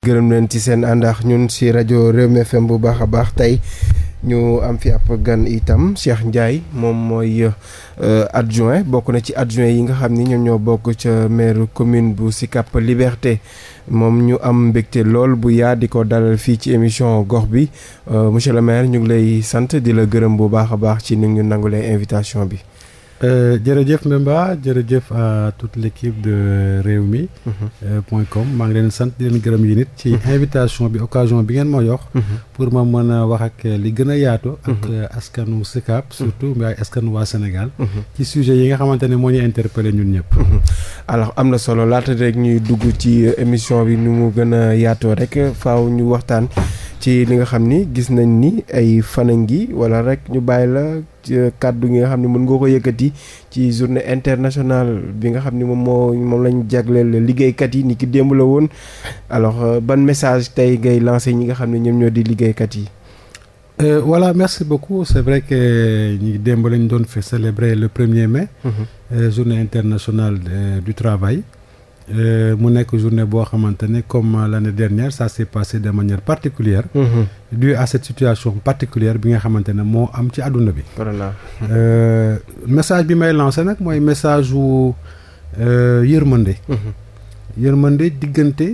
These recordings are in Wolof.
gërëm leen ci seen àndaax ñun si rajo Rewmi FM bu baax a baax tey ñu am fi ab gan itam Cheikh Ndiaye moom mooy euh, adjoint bokk na ci adjoint yi nga xam ni ñoom ñoo bokk ca maire commune bu Sicap Liberté moom ñu am mbégte lool bu yaa di ko dalal fii ci émission gox bi euh, monsieur le maire ñu ngi lay sant di la gërëm bu baax a baax ci ni ñu nangulee invitation bi. Euh, jërëjëf Mbemba jërëjëf à toute l' équipe de Rewmi mhm. euh, point com maa ngi leen sant di leen gërëm yi nit ci mhm. invitation bi occasion bi ngeen ma yox mhm. pour ma mën a wax ak euh, li gën a yaatu ak askanu Sicap surtout mais askanu waa Sénégal ci sujet yi nga xamante ne moo ñu interpellé ñun ñëpp alors am na solo laata rek ñuy dugg ci émission bi nu mu gën a yaatoo rek faaw ñu waxtaan ci li nga xam ni gis nañ ni ay fanangi wala rek ñu bàyyi la kàddu gi nga xam ni mën nga ko yëkkati ci journée internationale bi nga xam ni moom moo moom lañ jagleel liggéeykat yi ni ki démb la woon alors euh, ban message tey ngay lancé ñi nga xam ne ñoom ñoo di liggéeykat yi. Euh, voilà merci beaucoup c'est vrai que euh, ñu démb lañ doon fi célébrer le premier mai. Mmh. journée internationale de, du travail. Euh, mu nekk journée boo xamante ne comme euh, l'année dernière ça s'est passé de manière particulière mmh. dû à cette situation particulière bi nga xamante ne moo am ci àdduna bi euh, message bi may lancé nag mooy message wu yërmande mm-hmm. yërmande diggante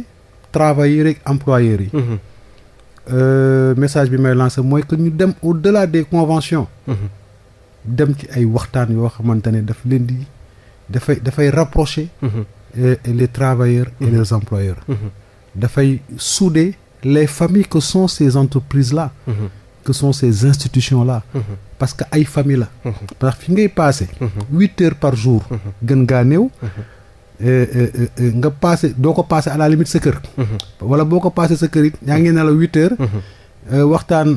travailleurs yi ak employeurs yi mm-hmm. message bi may lancé mooy que ñu dem au-delà des conventions mm-hmm. dem ci ay waxtaan yoo xamante ne daf leen di dafay dafay rapproché les travailleurs et les mhm. employeurs mhm. dafay souder les familles que son ces entreprises la mhm. que sont ces institutions là parce que ay familles la ndax fi ngay passé huit heures par jour gën gaa néew nga passé doo ko passé à sa kër wala boo ko passé sa kër it yaa ngi ne la huit heures euh, waxtaan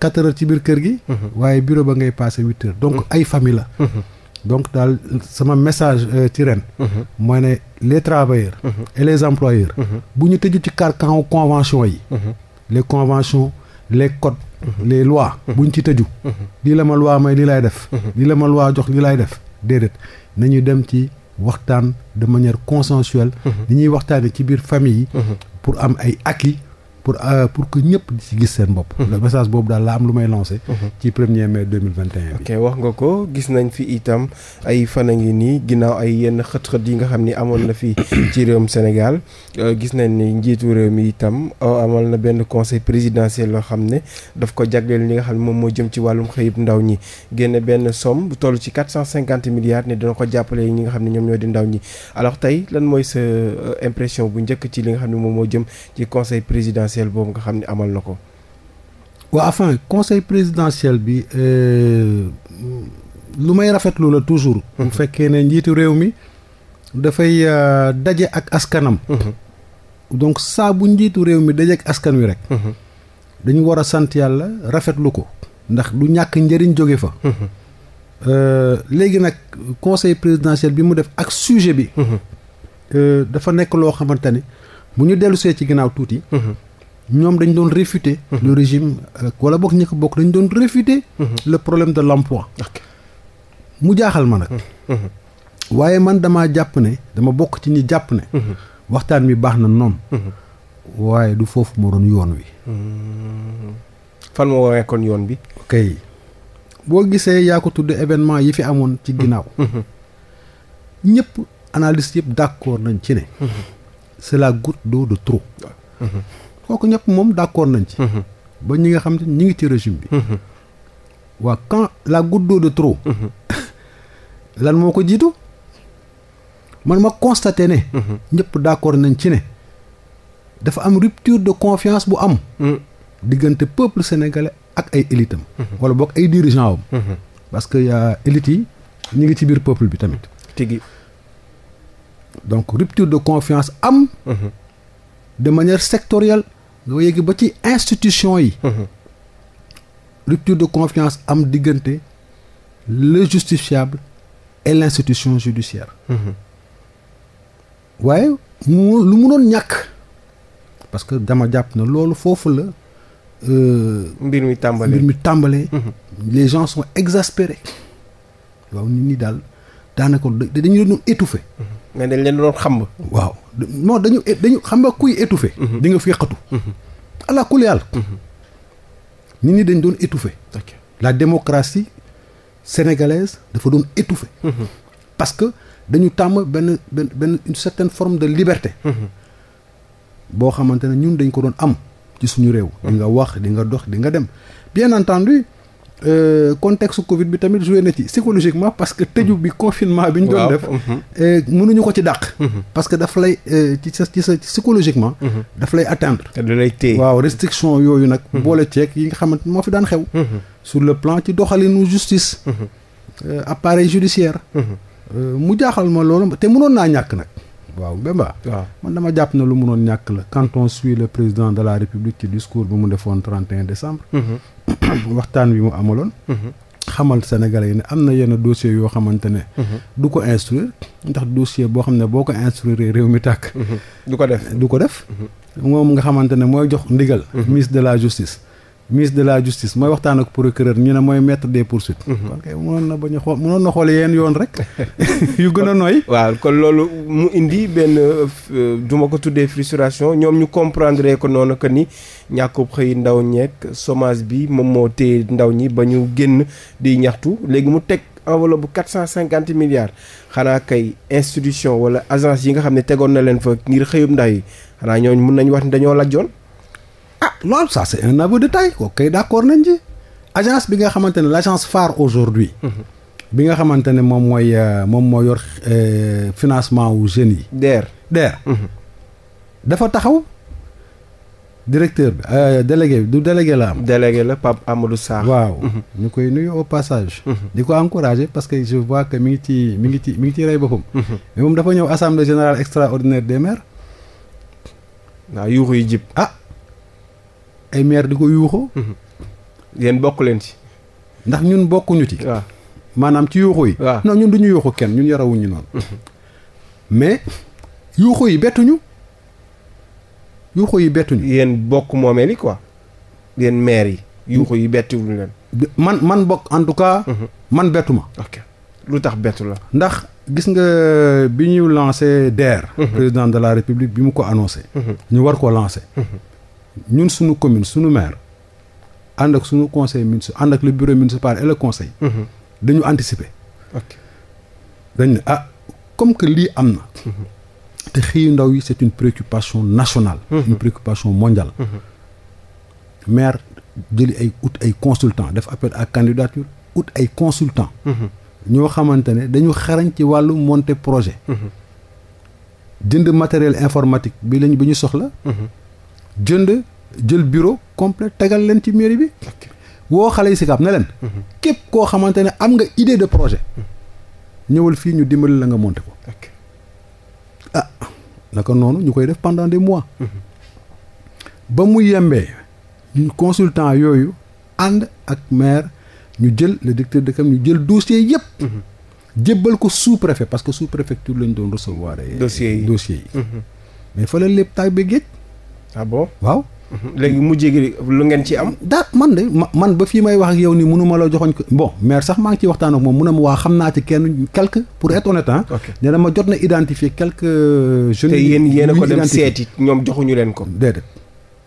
quatre heures ci biir kër gi waaye bureau ba ngay passé huit heures donc ay famille la donc daal sama message euh, ci ren. Mhm. mooy ne les travailleurs. Mhm. et les employeurs. Mhm. bu ñu tëju ci carcan convention yi. les conventions le codes. les lois bu ñu ci tëju. lii la ma loi may lii laay def. lii la ma loi jox lii laay def déedéet nañu dem ci waxtaan de manière consensuelle. ni ñuy waxtaanee ci biir famille yi. pour am ay acquis. pour euh, pour que ñëpp di ci gis seen bopp. Mhm. message boobu daal la am lu may lancé. Mhm. ci premier mai ok wax nga ko gis nañ fi itam ay fan a ngi nii ginnaaw ay yenn xët-xët yi nga xam ni amoon na fi ci réewum Sénégal euh, gis nañ ni njiitu réew mi itam euh, amal na benn conseil présidentiel loo xam ne daf ko jagleel li nga xam ne moom moo jëm ci wàllum xëyub ndaw ñi génne benn somme bu toll ci quatre cent cinquante milliards ne dina ko jàppale ñi nga xam ne ñoom ñoo di ndaw ñi alors bu njëkk ci li nga xam ne moo jëm présidentielle boobu nga xam ne amal na ko. waa enfin conseil présidentiel bi euh, lu may rafetlu la toujours. mu mm-hmm. fekkee ne njiitu réew mi dafay euh, daje ak askanam. Mm-hmm. donc saa bu njiitu réew mi daje ak askan wi rek. Mm-hmm. dañu war a sant yàlla rafetlu ko. ndax du ñàkk njëriñ jóge fa. Euh, léegi nag conseil présidentiel bi mu def ak sujet bi. dafa nekk loo xamante ne bu ñu dellusee ci ginnaaw tuuti. ñoom dañu doon réfuter mhm. le régime euh, wala boog ñi ko bokk dañu doon réfuter mhm. le problème de l'emploi mu jaaxal ma nag mhm. waaye man damaa jàpp ne dama bokk ci ñi jàpp ne waxtaan mi baax na noonu waaye du foofu moo doon yoon wi fan moo nekkoon yoon bi kay boo gisee yaa ko tudd événement yi fi amoon ci ginnaaw ñëpp analyste yëpp d'accord nañ ci ne c'est la goutte d'eau de trop kooku ñëpp moom d'accord nañ ci. Mm-hmm. ba ñi nga xam ne ñi ngi ci régime bi. Mm-hmm. waa quand la goutte de trop. Mm-hmm. lan moo ko jiitu man ma constaté ne. ñëpp d'accord nañ ci ne dafa am rupture de confiance bu am. Mm. diggante peuple sénégalais ak ay élites am. wala boog ay dirigeants am. parce que yaa élites yi ñu ngi ci biir peuple bi tamit. tigi donc rupture de confiance am. de manière sectorielle. nga yëg ba ci institution yi. Mhm. rupture de confiance am diggante le justifiable et l' judiciaire. Mhm. waaye lu mu doon ñàkk. parce que dama jàpp na loolu foofu la. Euh, mbir mi tàmbalee mbir mi tàmbalee. Mhm. les gens sont exaspérés. waaw nit ñi dañu doon étouffer. leen doon xamb waaw. non dañu dañu xam nga kuy étouffé. Mhm. di nga féqatu. Mhm. allah kulli aal. Mhm. nit ñi dañ doon étouffé. la démocratie sénégalaise dafa doon étouffé. parce que dañu tàmm benn benn benn une certaine forme de liberté. boo xamante ne ñun dañ ko doon am ci suñu réew. di wax di dox di nga dem bien entendu Euh, contexte Covid bi tamit joué na ci psychologiquement parce que tëju bi confinement bi ñu doon def. Mhm. Euh, mënuñu ko ci dàq. Mhm. parce que dafa lay euh, ci sa ci sa psychologiquement. Mhm. daf lay atteindre. te da lay téye waaw restriction yooyu nag. boole ceeg yi nga xamante moo fi daan xew. sur le plan ci doxalinu justice. appareil judiciaire. mu jaaxal ma loolu te mënoon naa ñàkk nag. waaw Mbemba waaw man dama jàpp ne lu mënoon ñàkk la quand on suit le président de la république ci discours bi mu defoon 31 décembre mm-hmm. waxtaan bi mu amaloon mm-hmm. xamal sénégalais yi ne am na yenn dossier yoo xamante ne mm-hmm. du ko instruire ndax dossier boo xam ne boo ko instruire réew mi tàkk du ko def du ko def moom nga xamante ne mooy jox ndigal ministre de la justice ministre de la justice mooy waxtaan ak procureur ñu ne mooy maître des poursuites. Mhm. kon kay mënoon na bañ a xool mënoon na xool yenn yoon rek yu gën a nooy. waaw kon loolu mu indi benn euh, du ma ko tuddee frustration ñoom ñu comprendre ko noonu que ni ñàkkub xëy ndaw ñeek chômage bi moom moo téye ndaw ñi ba ñu génn di ñaxtu léegi mu teg. enveloppe bu quatre cent cinquante milliards xanaa kay institution wala agence yi nga xam ne tegoon na leen fa ngir xëyum ndaw yi xanaa ñooñu mun nañu wax ni dañoo lajjoon ah loolu ça c'est un aveu de taille kooku kay d'accord nañ ci agence bi nga xamante ne l'agence phare aujourd'hui mhm. bi nga xamante ne moom mooy euh, moom moo yor euh, financement wu jeunes yi. DER DER. Mhm. dafa taxaw directeur bi euh, délégué du délégué la am. délégué la Pape Amadou Sarr. waaw mhm. ñu koy nuyu au passage. di ko encourager parce que je vois que mi ngi ci mi ngi ci mi ngi ciy rey boppam. mais moom dafa ñëw assemblée général extraordinaire des maires. waaw yuuxu yi jib ah. ay maire di ko yuuxoo. Mhm. yéen bokk leen ci. ndax ñun bokkuñu ci. maanaam ci yuuxu yi. waaw non ñun du ñu yuuxu kenn ñun yarawuñu noonu. Mhm. mais yuuxu yi bettuñu yuuxu yi bettuñu. yéen bokk moomeel ni quoi yéen maire yi. yuuxu yi bettuñu leen. man man bokk en tout cas. Mhm. man bettu ma. lu tax bettu la. ndax gis nga bi ñu lancé DER. président de la république bi mu ko annoncé. ñu war ko lancé. ñun suñu commune suñu maire ànd ak suñu conseil municipal ànd ak le bureau municipal et le conseil. Mhm. dañu anticiper. ok dañ ne ah, comme que lii am na. Mhm. te xëyu ndaw yi c'est une préoccupation nationale. Mhm. une préoccupation mondiale. maire jëli ay ut ay consultants def appel à candidature ut ay consultants. ñoo xamante dañu xarañ ci wàllu monter projet. jënd matériel informatique bi lañ soxla. jënd jël bureau complet tegal leen ci mairie bi. woo xale yi si kaab ne leen. Mhm. képp koo xamante ne am nga idée de projet. Mhm. ñëwal fii ñu dimbali la nga monté ko. ah naka noonu ñu koy def pendant des mois. Mhm. ba mu yembee consultant yooyu ànd ak maire ñu jël le directeur de cabinet ñu jël dossier yëpp. jébbal ko sous préfet parce que sous préfecture lañ doon recevoir. dossier yi mais fa la lépp taay ba géej. ah bon waaw. Mhm. léegi mu jéggi lu ngeen ci am. daal man de man ba fi may wax ak yow nii mënuma ma la joxoñ ko bon maire sax maa ngi ciy waxtaan moom mu ne ma waa xam naa ci kenn quelque pour être honnête ah. ok nee na ma jot na identifier quelques euh, jeunes. te yéen yéen a ko dem seeti ñoom joxuñu leen ko. déedéet.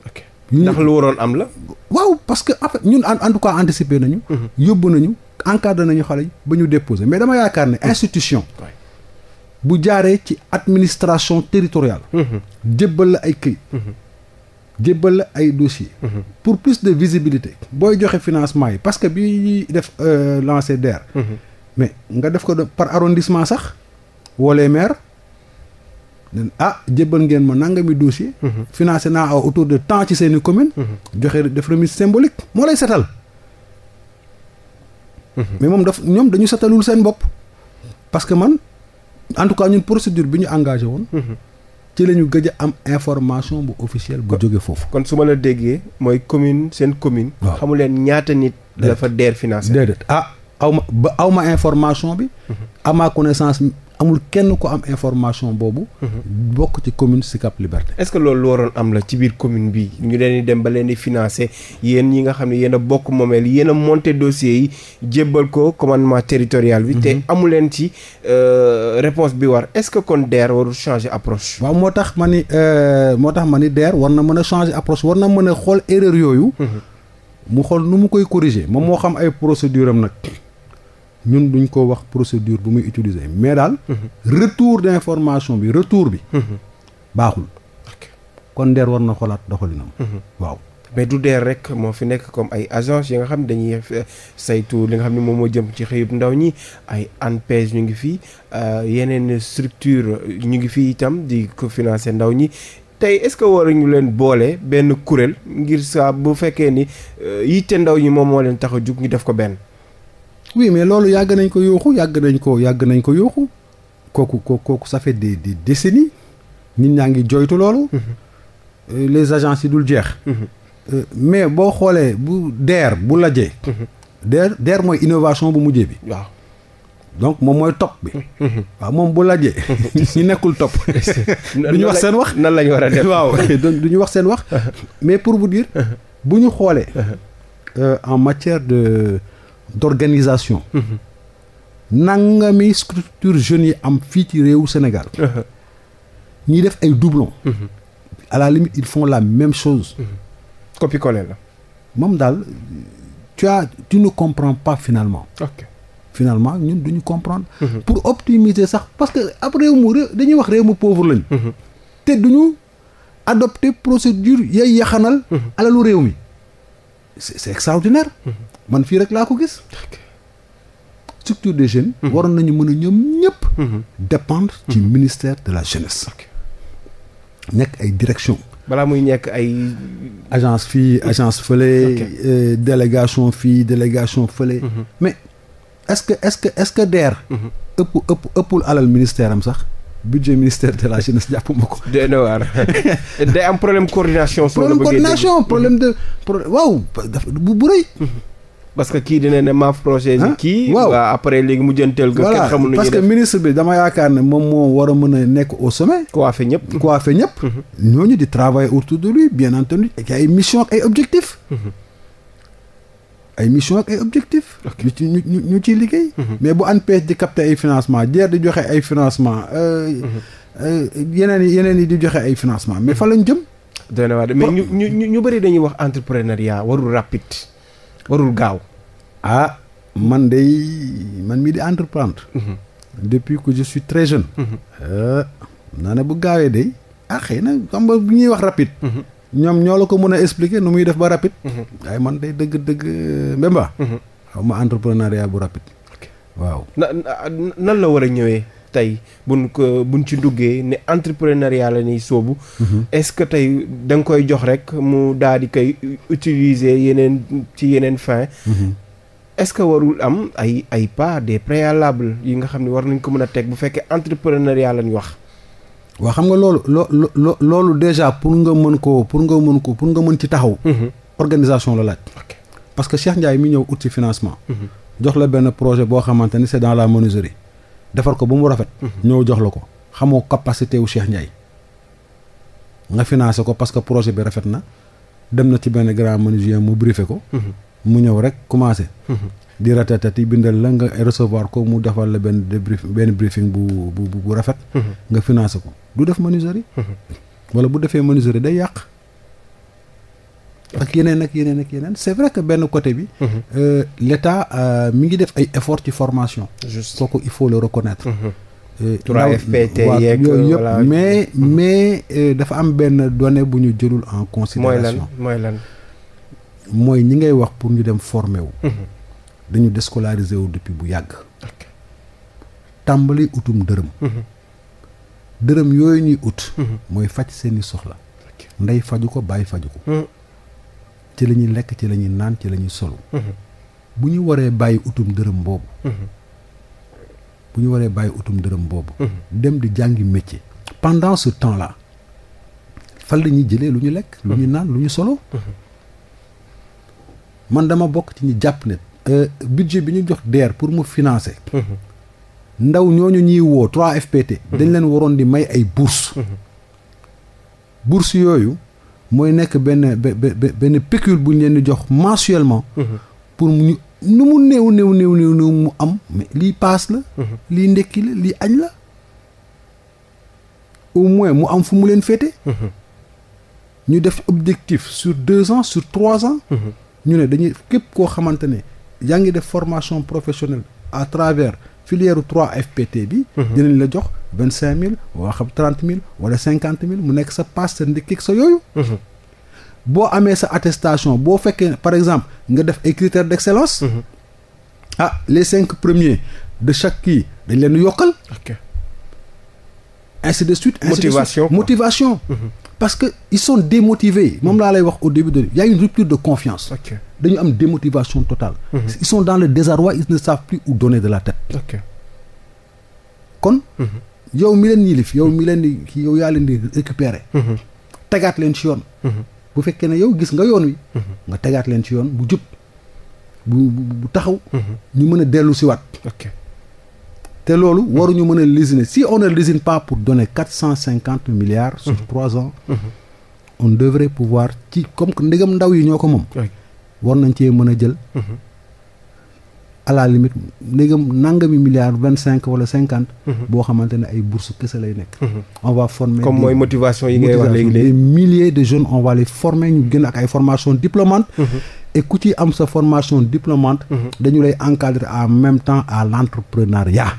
ok ndax lu waroon am la. waaw parce que en ñun en tout cas anticiper nañu. Mhm. yóbbu nañu encadré nañu xale ba ñu déposer mais dama yaakaar ne institution. bu jaaree ci administration territoriale. Mhm. jébbal jébbal la ay dossier mhm. pour plus de visibilité booy joxe financement yi parce que bi ñuy def euh, lancer DER mhm. mais nga def ko par arrondissement sax woolee maire ah jébbal ngeen ma nangami dossier mhm. financé naa aw autour de temps ci seeni commune joxe def remise symbolique moo lay setal mais moom daf ñoom dañu setalul seen bopp parce que man en tout cas ñun procédure bi ñu engagé woon ci la ñu gëj am information bu officielle bu jóge foofu. kon su ma la déggee mooy commune seen commune. waaw xamu leen ñaata nit. dafa DER financé déedéet ah aw ma ba aw ma information bi. Mhm. à connaissance amul kenn ko am information boobu. Mhm. bokk ci commune Sicap Liberté. est-ce que loolu lu waroon am la ci biir commune bi ñu leen di dem ba leen di financer yéen ñi nga xam ne yéen a bokk moomeel yéen a monter dossier yi jébbal ko commandement territorial bi. te mhm. amu leen ci euh, réponse bi war est-ce que kon DER warul changer approche. waaw moo tax ma ni euh, moo tax ma ni DER war na mën a changer approche war na mën a xool erreur yooyu. Mhm. mu xool nu mu koy corriger moom ñun duñ ko wax procédure bu muy utiliser mais daal. Mhm. retour d' information bi retour bi. Mhm. baaxul. kon DER war na xolaat doxalinam. Mhm. waaw. mais du DER rek moo fi nekk comme ay agence yi nga xam dañuy euh, saytu li nga xam ne moom moo jëm ci xëyub ndaw ñi ay ANPEJ ñu ngi fii euh, yeneen structure ñu ngi fii itam di ko financer ndaw ñi tey est-ce que ñu leen boole benn kuréel ngir sa bu fekkee ni euh, yitte ndaw ñi moom moo leen tax jug ñu def ko benn. oui mais loolu yàgg nañ ko yooxu yàgg nañ ko yàgg nañ ko yooxu kooku kooku ça di di des décennies nit ñaa ngi joytu loolu. Mm-hmm. Euh, les agences yi dul jeex. Mm-hmm. Euh, mais boo xoolee bu DER bu lajee. Mm-hmm. DER DER mooy innovation bu mujjee bi. waaw donc moom mooy topp bi. waaw moom bu lajee. ñu nekkul topp. du ñu wax seen wax nan la ñu war a def waaw du wax seen wax. mais pour bu dire. Uh-huh. bu ñu xoolee. Uh-huh. Euh, en matière de. d'organisation. Mhm. nangami structure jeunes yi am fii ci réewu Sénégal. Uh-huh. ñiy def ay doublons. Mhm. à la limite ils font la même chose. Mhm. copier la. moom daal tu as tu ne comprends pas finalement. ok finalement ñun du ñu comprendre. pour optimiser sax parce que ab réew mu réew dañuy wax réew mu pauvre lañ. te du ñu adopter procédure yay yaxanal. alalu réew mi c'est extraordinaire. man fii rek laa ko gis structure des jeunes mhm. waroon nañu mën a ñoom ñëpp mhm. dépendre ci mhm. ministère de la jeunesse nekk ay direction balaa muy nekk ay agence fii agence fële euh, délégation fii délégation fële mais est-ce que est-ce que est-ce que DER ëpp ëpp ëppul alal ministère am sax budget ministère de la jeunesse jàppuma ko day am problème coordination problème coordination problème waaw bu bu parce que kii dina ne maaf projet yi kii waaw après léegi mu jënteel ga kenn xamul nu parce bi dama yaakaar ne moom moo war a mën a nekk au sommet coiffé ñëpp coiffé ñëpp mhm. ñooñu di travailler autour de lui bien entendu ak ay mhm. mission ak ay objectif ay mission ak ay objectif ñu ci ñu ñu ciy liggéey mhm. mais bu ANPEJ di capter ay financement DER di joxe ay financement euh, euh, yeneen yeneen yi di joxe ay financement mais fa lañ jëm doy na waar mais ñu ñu ñu bëri dañuy wax entrepreneuriat warul rapid warul gaaw ah man day man mii di entreprendre mhm. depuis que je suis très jeune mhm. ah, ne bu gaawee day ah xëy na xam nga bu ñuy wax rapide mhm. ñoom ñoo la ko mën a expliquer nu muy def ba rapide waaye man day dëgg dëgg euh, Mbemba xaw ma entrepreneuriat bu rapide waaw nan la war a ñëwee tey buñ ko bu buñ ci duggee ni entrepreneuriat la ñuy sóobu. Mhm. est-ce que tey da nga koy jox rek mu daal di koy utiliser yeneen ci yeneen fin. Mhm. est-ce que warul am ay ay pas des préalables yi nga xam ni war nañ ko mën a teg bu fekkee entrepreneuriat lañ wax. waa xam nga loolu loo loo loolu déjà pour nga mën koo pour nga mën ko pour nga mën ci taxaw. Mhm. organisation la laaj. parce que Cheikh Ndiaye mi ñëw ut ci financement. jox la benn projet boo xamante ni c'est dans la menuiserie. defar ko ba mu rafet. Mhm. ñëw jox la ko xamoo capacité wu Cheikh Ndiaye. nga financé ko parce que projet bi rafet na dem na ci benn grand menuisier mu briefé ko. Mhm. mu ñëw rek commencé. Mhm. di ratatati bindal la nga recevoir ko mu defal la benn débrief benn briefing bu bu bu rafet. nga financé ko du def menuiserie. wala bu defee menuiserie day yàq. ak yeneen ak yeneen ak yeneen c'est vrai que benn côté bi. Mhm. Euh, l'État euh, mi ngi def ay efforts ci formation. juste kooku il faut le reconnaître. 3FPT mhm. euh, yeeg mais mhm. mais dafa am benn donne bu ñu jëlul en considération mooy lan mooy ñi ngay wax pour ñu dem former wu. dañu déscolariser wu bu yàgg. tàmbali utum dërëm. dërëm yooyu ñuy ut. mooy faj seeni soxla. ndey faju ko bàyyi faju ko. ci la ñuy lekk ci lañuy naan ci la ñuy solu mhm. bu ñu waree bàyyi utum dërëm boobu mhm. ñu waree bàyyi utum dërëm boobu mhm. dem di jàngi métier pendant ce temps la fan la ñuy jëlee lu ñu lekk lu ñu naan lu ñu solo man dama bokk ci ñu jàpp ne euh, budget bi ñu jox DER pour mu financer ndaw ñooñu ñu woo 3FPT dañ leen waroon di may ay bourse bourse yooyu mooy nekk benn benn pécule bu ñu leen di jox mensuellement. Mhm. pour ñu nu mu néew néew néew néew mu am lii paas la. Mhm. lii ndekki la lii añ la. au moins mu am fu mu leen féete. Mhm. ñu def objectif sur deux ans sur trois ans. ñu ne dañuy képp koo xamante ne yaa ngi def formation professionnelle à travers filière trois fpt bi. dinañ la jox. vingt cinq mille waa xam trente mille wala cinquante mille mu nekk sa paas sa ndikik sa yooyu mhm. boo amee sa attestation boo fekkee par exemple nga def ay critères d'excellence mhm. ah les cinq premiers de chaque kii dañ leen yokkal ainsi de suite ainsi motivation mhm. parce que ils sont démotivés moom laa lay wax au début de il y a une rupture de confiance dañu okay. am démotivation totale mmh. ils sont dans le désarroi ils ne savent plus où donner de la tête kon yow mi leen yilif yow mi leen di yow yaa leen di récupérer mhm. tegaat leen ci yoon mhm. bu fekkee ne yow gis nga yoon wi mhm. nga tegaat leen ci yoon bu jub bu bu taxaw ñu mën a dellu si waat te loolu waruñu mën a lésiner si on ne lésine pas pour donner quatre cent cinquante milliards sur trois ans on devrait pouvoir ci comme que ndegam ndaw yi ñoo ko moom war nañ cee mën a jël à la limite ndegam nangami milliards vingt cinq wala cinquante. Mhm. boo xamante ne ay bourses kese lay nekk. Mhm. on va former comme mooy motivation yi ngay wax léegi des milliers de jeunes on va les former ñu gën ak ay formation diplômante. Mhm. et ku ci am sa formation diplômante. dañu lay encadrer en même temps à l' entrepreneuriat.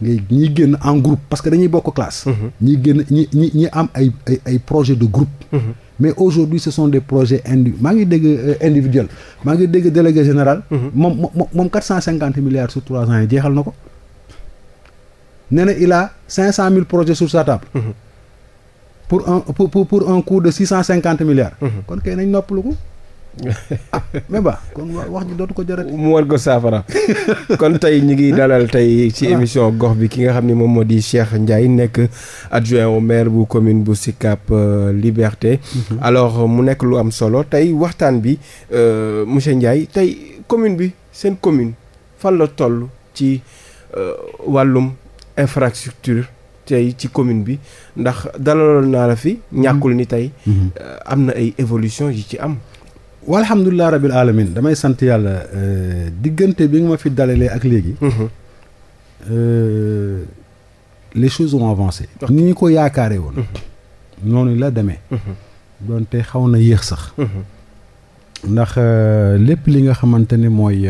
ngay ñiy génn en groupe parce que dañuy bokk classe. Mhm. ñiy génn ñi ñi ñi am ay ay ay projet de groupe. Mhm. mais aujourd'hui ce sont des projets indi maa ngi dégg euh, individuel maa ngi dégg délégué général. Mhm. moom moom moom quatre cent cinquante milliards sur trois ans yi jeexal na ko. nee na il cinq cent mille projets sur sa table. pour un pour pour un coût de six cent cinquante milliards. kon kay nañ noppalu ko. ah ba kon wax dootu ko jarati. mu war ko saafara kon tey ñu ngi dalal tey ci ah. émission gox bi ki nga xam ni moom moo di Cheikh Ndiaye nekk adjoint au maire bu commune bu Sicap euh, Liberté. Mhm. alors mu nekk lu am solo tey waxtaan bi euh, monsieur Ndiaye tey commune bi seen commune fan la toll ci euh, wàllum infrastructure. tey ci commune bi ndax dalaloon naa la fi. ñàkkul ni tey. Mhm. am na ay évolution yi ci am. walhamdulilah rabil alamin damay sant yàlla euh, diggante bi nga ma fi dalalee ak léegi. Mhm. Euh, les choses ont avancé. ni ñu ko yaakaaree woon. Mhm. noonu la demee. Mhm. doonte xaw na yéex sax. ndax euh, lépp li nga xamante ne mooy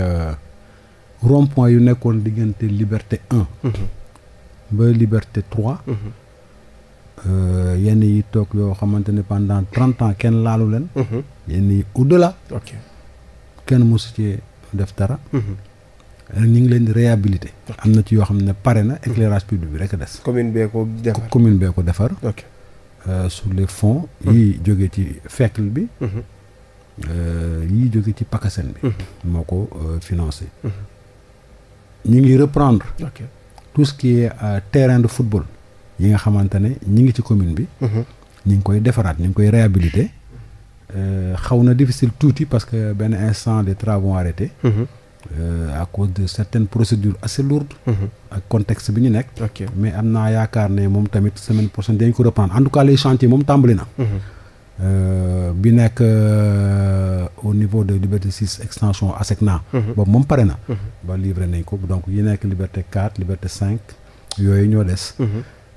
rond yu nekkoon diggante liberté un. ba liberté trois. Euh, yenn yi toog yoo xamante ne pendant trente ans kenn laalu leen. Mhm. yenn yi au la ok kenn mosu cee def dara. Mhm. Euh, ñu ngi leen di réhabilité. am na ci yoo xam ne pare na mhm. éclairage public bi rekk des. commune bee ko defar commune bee ko defar. ok euh, sur les fonds. yi jóge ci FECL bi. yi jóge ci PACASEN bi. moo ko financé. ñu ngi reprendre. tout ce qui est terrain de football. yi nga xamante ne ñi ngi ci commune bi. Mhm. ñu ngi koy defaraat ñu ngi koy réhabilité. Euh, xaw na difficile tuuti parce que benn instant les travaux arrêtés. Mhm. Euh, à cause de certaines procédures assez lourdes. Mhm. ak contexte bi ñu nekk. mais am naa yaakaar ne moom tamit semaine prochaine dañ ko reprendre en tout cas les chantiers moom tàmbali na. Euh, bi nekk au niveau de liberté 6 extension ASECNA. boobu moom pare na. ba livré nañ ko donc yi nekk liberté 4 liberté 5 yooyu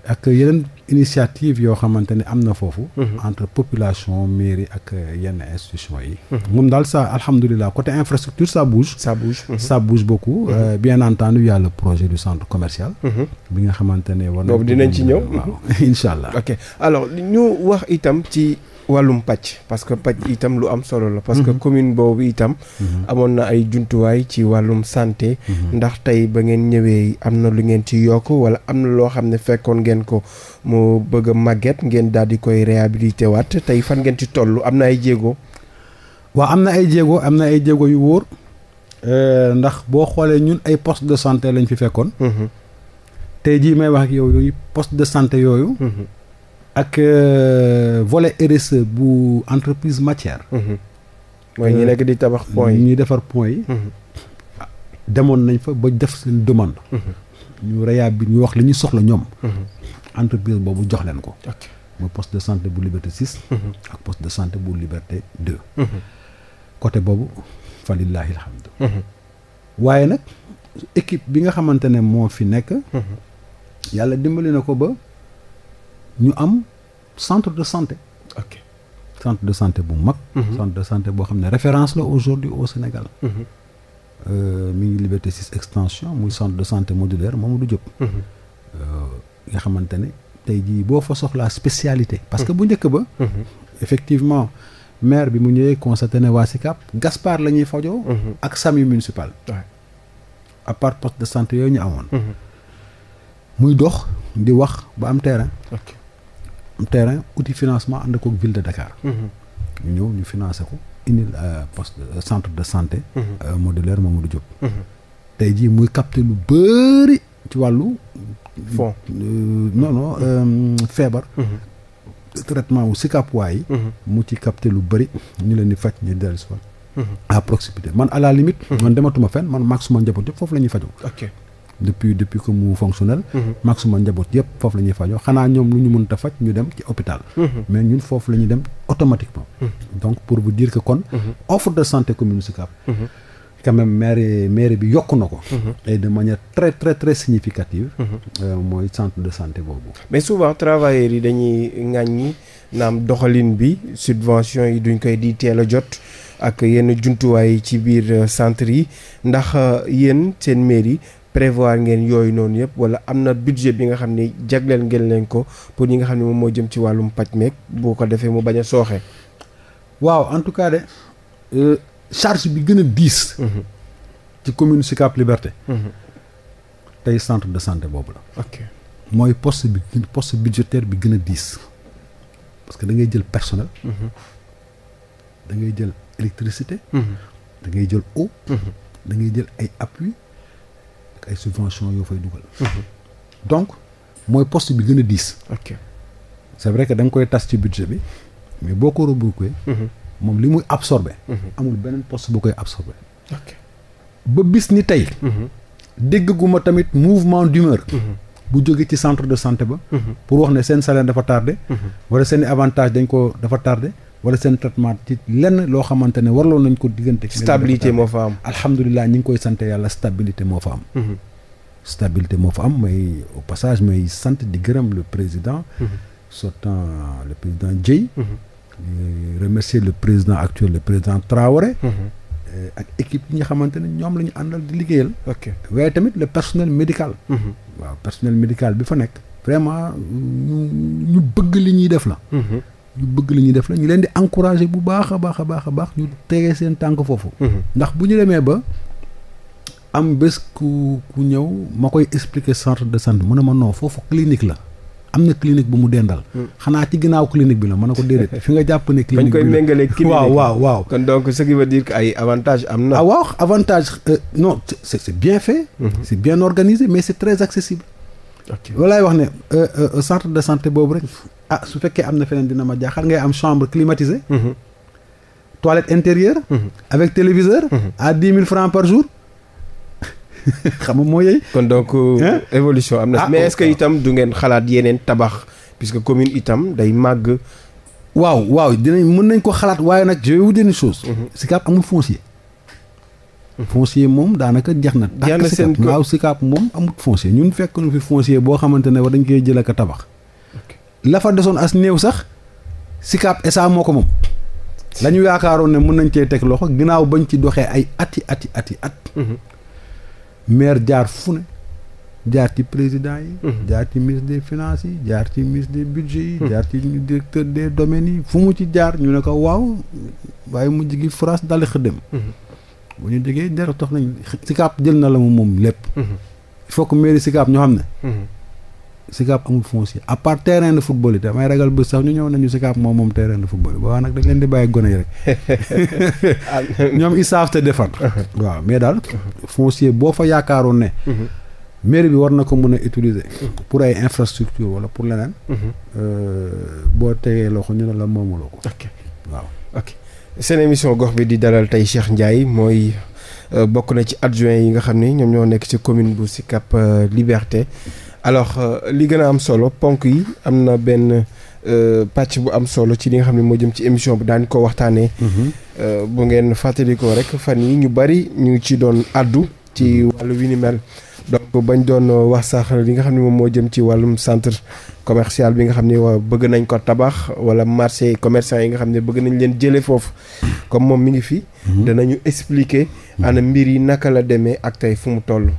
ak yeneen initiative yoo xamante ne am na foofu. Mhm. entre population mairie ak euh, yenn institution yi. Mhm. moom daal ça alhamdulilah côté infrastructure ça bouge. ça bouge mhm. ça bouge beaucoup. Euh, bien entendu y a le projet du centre commercial. bi nga xamante ne war nañ. boobu dinañ ci ñëw waaw incha allah. ok alors ñu wax itam ci. wàllum pàcc parce que pàcc itam lu am solo la parce que mhm. commune boobu itam mhm. amoon na ay jumtuwaay ci wàllum santé mhm. ndax tey ba ngeen ñëwee am na lu ngeen ci yokk wala am na loo xam ne fekkoon ngeen ko mu bëgg a màgget ngeen daal di koy réhabilité waat tey fan ngeen ci toll am na ay jéego waaw am na ay jéego am na ay jéego yu wóor euh, ndax boo xoolee ñun ay poste de santé lañ fi fekkoon tey jii may wax ak yow yooyu poste de santé yooyu ak euh, volet RSE bu entreprise matière. Mhm. mooy ñi euh, nekk di tabax pont yi ñuy defar pont yi. Mhm. Ah, demoon nañ fa ba def seen demande. Mhm. ñu reyaab bi ñu wax li ñu soxla ñoom. entreprise boobu jox leen ko. mooy poste de santé bu liberté 6. ak poste de santé bu liberté 2. côté boobu fa lillahi alhamdu. waaye nag équipe bi nga xamante ne moo fi nekk. yàlla dimbali na ko ba. ñu am centre de santé. ok de santé bu mag. Mhm. centre de santé boo xam ne référence la aujourd'hui au Sénégal. Mhm. Euh, mi ngi Liberté 6 extension muy centre de santé modulaire Mamadou Diop. Mhm. Euh, nga xamante ne tey jii boo fa soxlaa spécialité. parce que bu njëkk ba. effectivement maire bi mu ñëwee constaté ne waa Sicap Gaspard la ñuy fajoo. ak SAMU municipal. à part de santé yooyu ñu amoon. muy dox di wax ba am terrain. am terrain outil financement ànd koog ville de Dakar. Mhm. ñëw ñu financé ko indil euh, poste euh, centre de santé. Mhm. Euh, modulaire Mamadou Diop. Mhm. tey jii muy capté lu bëri ci wàllu. feebar. traitement wu yi. mu ci capté lu bëri ñu leen di faj ñu dellu si à proximité man à la limite. man dematuma fenn man maak njaboot yëpp foofu la ñuy fajoo. depuis depuis que mu fonctionnel mhm. maximum njaboot yëpp foofu la ñuy fajoo xanaa ñoom lu ñu mën ta faj ñu dem ci hôpital mhm. mais ñun foofu la ñuy dem automatiquement mhm. donc pour vous dire que kon offre de santé commune Sicap quand maire maire bi yokk na ko et de manière très très très significative euh, mooy centre de santé boobu mais souvent travailleurs yi dañuy ŋàññi naam doxalin bi subvention yi duñ koy di a jot ak yenn jumtuwaay ci biir euh, centre yi ndax euh, yéen prévoir ngeen yooyu noonu yëpp wala am na budget bi nga xam ne jagleel ngeen leen ko pour ñi nga xam ne moom moo jëm ci wàllum paj meeg boo ko defee mu bañ a sooxe. waaw en tout cas de euh, charge bi gën a diis. Mhm. ci commune Sicap Liberté. Mhm. tey centre de santé boobu la. ok mooy poste bi poste budgétaire bi gën a diis parce que da ngay jël personnel. Mhm. da ngay jël électricité. da jël eau. da jël ay appui. ay subvention yoo fay dugal. Mhm. donc mooy poste bi gën a diis. ok c' est da nga koy tas ci budget bi mais boo ko reboucler. Mhm. moom li muy absorbé. Mhm. amul beneen poste bu koy absorbé. ok ba bis ni tey. dégguma tamit mouvement d'humeur bu jóge ci centre de santé ba. pour wax ne seen salaire dafa tardé. wala seen i avantage dañ ko dafa tardé. wala seen traitement ci lenn loo xamante ne warloon nañ ko diggante. stabilité moo fa am alhamdulilah ñi ngi koy sant yàlla stabilité moo fa am. Mhm. stabilité moo fa am may au passage may sant di gërëm le président. Mhm. sortant le président Dieye. Mhm. remercier le président actuel le président Traoré. ak équipe yi nga xamante ne ñoom la ñu àndal di liggéeyal. waaye tamit le personnel médical. waaw personnel médical bi fa nekk. vraiment ñu bëgg li ñuy def la. ñu bëgg li ñuy def la ñu leen di encourager bu baax a baax a baax a baax ñu tegee seen tànk foofu. Mhm. ndax bu ñu demee ba am bés ku ku ñëw ma koy expliquer centre de santé mu ne ma non foofu clinique la. am na clinique bu mu dendal. Mhm. xanaa ci ginnaaw clinique bi la mën na ko déedéet fi nga jàpp ne. clinique bi la bañ koy méngalee clinique waaw waaw waaw. kon donc ce qui veut dire que ay avantages am na. ah waaw avantage euh, non c'est c'est bien fait. Mm -hmm. c'est bien organisé mais c'est très accessible. ok loolu laay wax ne euh, euh, centre de santé boobu rek ah su fekkee am na feneen dina ma jaaxal ngay am chambre climatisée. Mhm. toilette intérieure. Mhm. avec téléviseur. Mhm. à dix mille francs par jour. xam nga moo yey. kon donc euh, évolution am na. Ah, mais est-ce itam du ngeen xalaat yeneen tabax puisque commune itam day màgg. waaw waaw dinañ mën nañ ko xalaat waaye nag je vais vous dire si chose. Sicap amul foncier. foncier moom daanaka jeex na. jeex na seen waaw Sicap moom amul foncier ñun fekk nu fi foncier boo xamante ne war dañ koy jël ak a tabax. la fa desoon as néew sax Sicap SA moo ko moom. la yaakaaroon ne mën nañ cee teg loxo ginnaaw bañ ci doxee ay ati at ati at. Mhm. maire jaar fu ne jaar ci président yi. Mhm. jaar ci ministre de finance yi jaar ci ministre de budgets yi. Mhm. jaar ci directeur des domaines yi fu mu ci jaar ñu ne ko waaw waaye mu jigi France dali xëddem. bu ñu déggee dara tox nañ Sicap jël na la mu moom lépp. il faut que mairie Sicap ñoo xam ne. Sicap amul foncier à part terrain de football yi damay ragal bés sax ñu ñëw nañu Sicap moom moom terrain de football yi waaw nag dañ di bàyyi gone yi rek ñoom ils savent te défendre uh-huh. waaw mais daal uh-huh. foncier boo fa yaakaaroon ne uh-huh. mairie bi war na ko mën a utiliser pour ay infrastructure wala pour leneen euh, boo tegee loxo ñu ne la moomuloo ko waaw ok seen émission gox bi di dalal tey Cheikh Ndiaye mooy euh, bokk na ci adjoint yi nga xam ne ñoom ñoo nekk ci commune bu Sicap euh, Liberté alors euh, li gën a am solo ponk yi am na benn euh, pàcc bu am solo ci li nga xam ne moo jëm ci émission bi daañu ko waxtaanee. Mhm. Euh, bu ngeen fàttalikoo rek fan yi ñu bari ñu ci doon addu ci mhm. wàllu wi ni mel. donc bañ doon wax sax li nga xam ne moom moo jëm ci wàllum centre commercial bi nga xam ni waa bëgg nañ ko tabax wala marché commerçant yi nga xam ne bëgg nañ leen jëlee foofu comme moom mi ngi fi. Mhm. danañu expliquer. ana mbir yi naka la demee ak tey fu mu toll.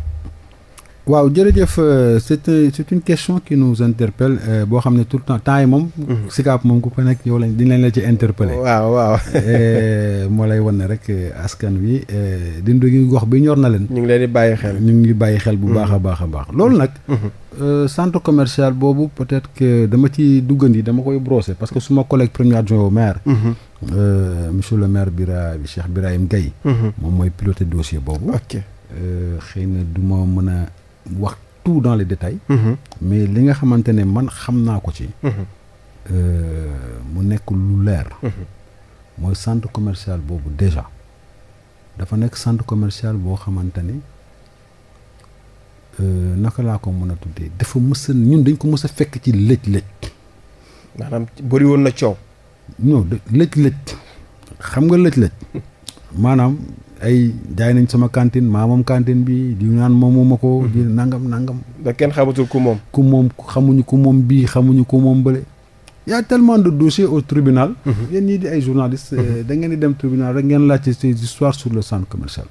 waaw jërëjëf euh, c'est euh, c'est une question qui nous interpelle euh, boo xam ne tout le temps temps yi moom. Mhm. Sicap moom ku fa nekk yow lañ dinañ la ci interpeller. waaw waaw. moo lay wan ne rek askan wi dund gi gox bi ñor na leen. ñu ngi leen di bàyyi xel ñu ngi bàyyi xel bu mhm. baax a baax a baax. loolu nag. Mhm. centre commercial boobu peut-être que dama ci duggandi dama koy brosser parce que suma collègue premier adjoint au maire. monsieur le maire Bira Cheikh Birahim Gaye moom mooy piloté dossier boobu. ok xëy na du ma wax tout dans les détails mm-hmm. mais li nga xamante ne man xam naa ko ci mm-hmm. euh, mu nekk lu leer mm-hmm. mooy centre commercial boobu déjà dafa nekk centre commercial boo xamante ni euh, naka laa ko mën a tuddee dafa mës ñun dañ ko mës fekk ci lëj-lëj maanaam bëri na coow non lëj-lëj xam nga lëj-lëj maanaam ay jaay nañ sama cantine maa moom bi di naan moomuma ko. Mhm. di nangam nangam. da kenn xamatul ku moom. ku moom xamuñu ku moom bii xamuñu ku moom bële. y a de dossiers au tribunal. Mhm. yéen ñii di ay journalistes. Mhm. Euh, da ngeen di dem tribunal rek ngeen laajte ces histoires sur le centre commercial.